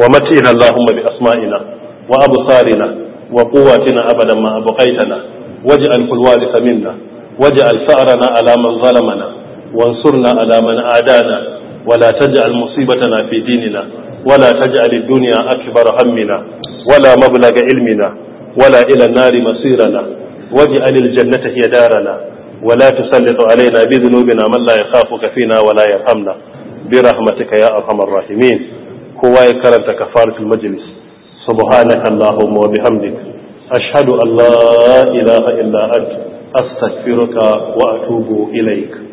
ومتئنا اللهم بأسمائنا وأبصارنا وقوتنا أبدا ما أبقيتنا واجعل كل وارث منا واجعل ثأرنا على من ظلمنا وانصرنا على من أعدانا ولا تجعل مصيبتنا في ديننا ولا تجعل الدنيا أكبر همنا ولا مبلغ علمنا ولا إلى النار مصيرنا واجعل الجنة هي دارنا ولا تسلط علينا بذنوبنا من لا يخافك فينا ولا يرحمنا برحمتك يا أرحم الراحمين هو يكرمت كفارة المجلس سبحانك اللهم وبحمدك أشهد أن لا إله إلا أنت أستغفرك وأتوب إليك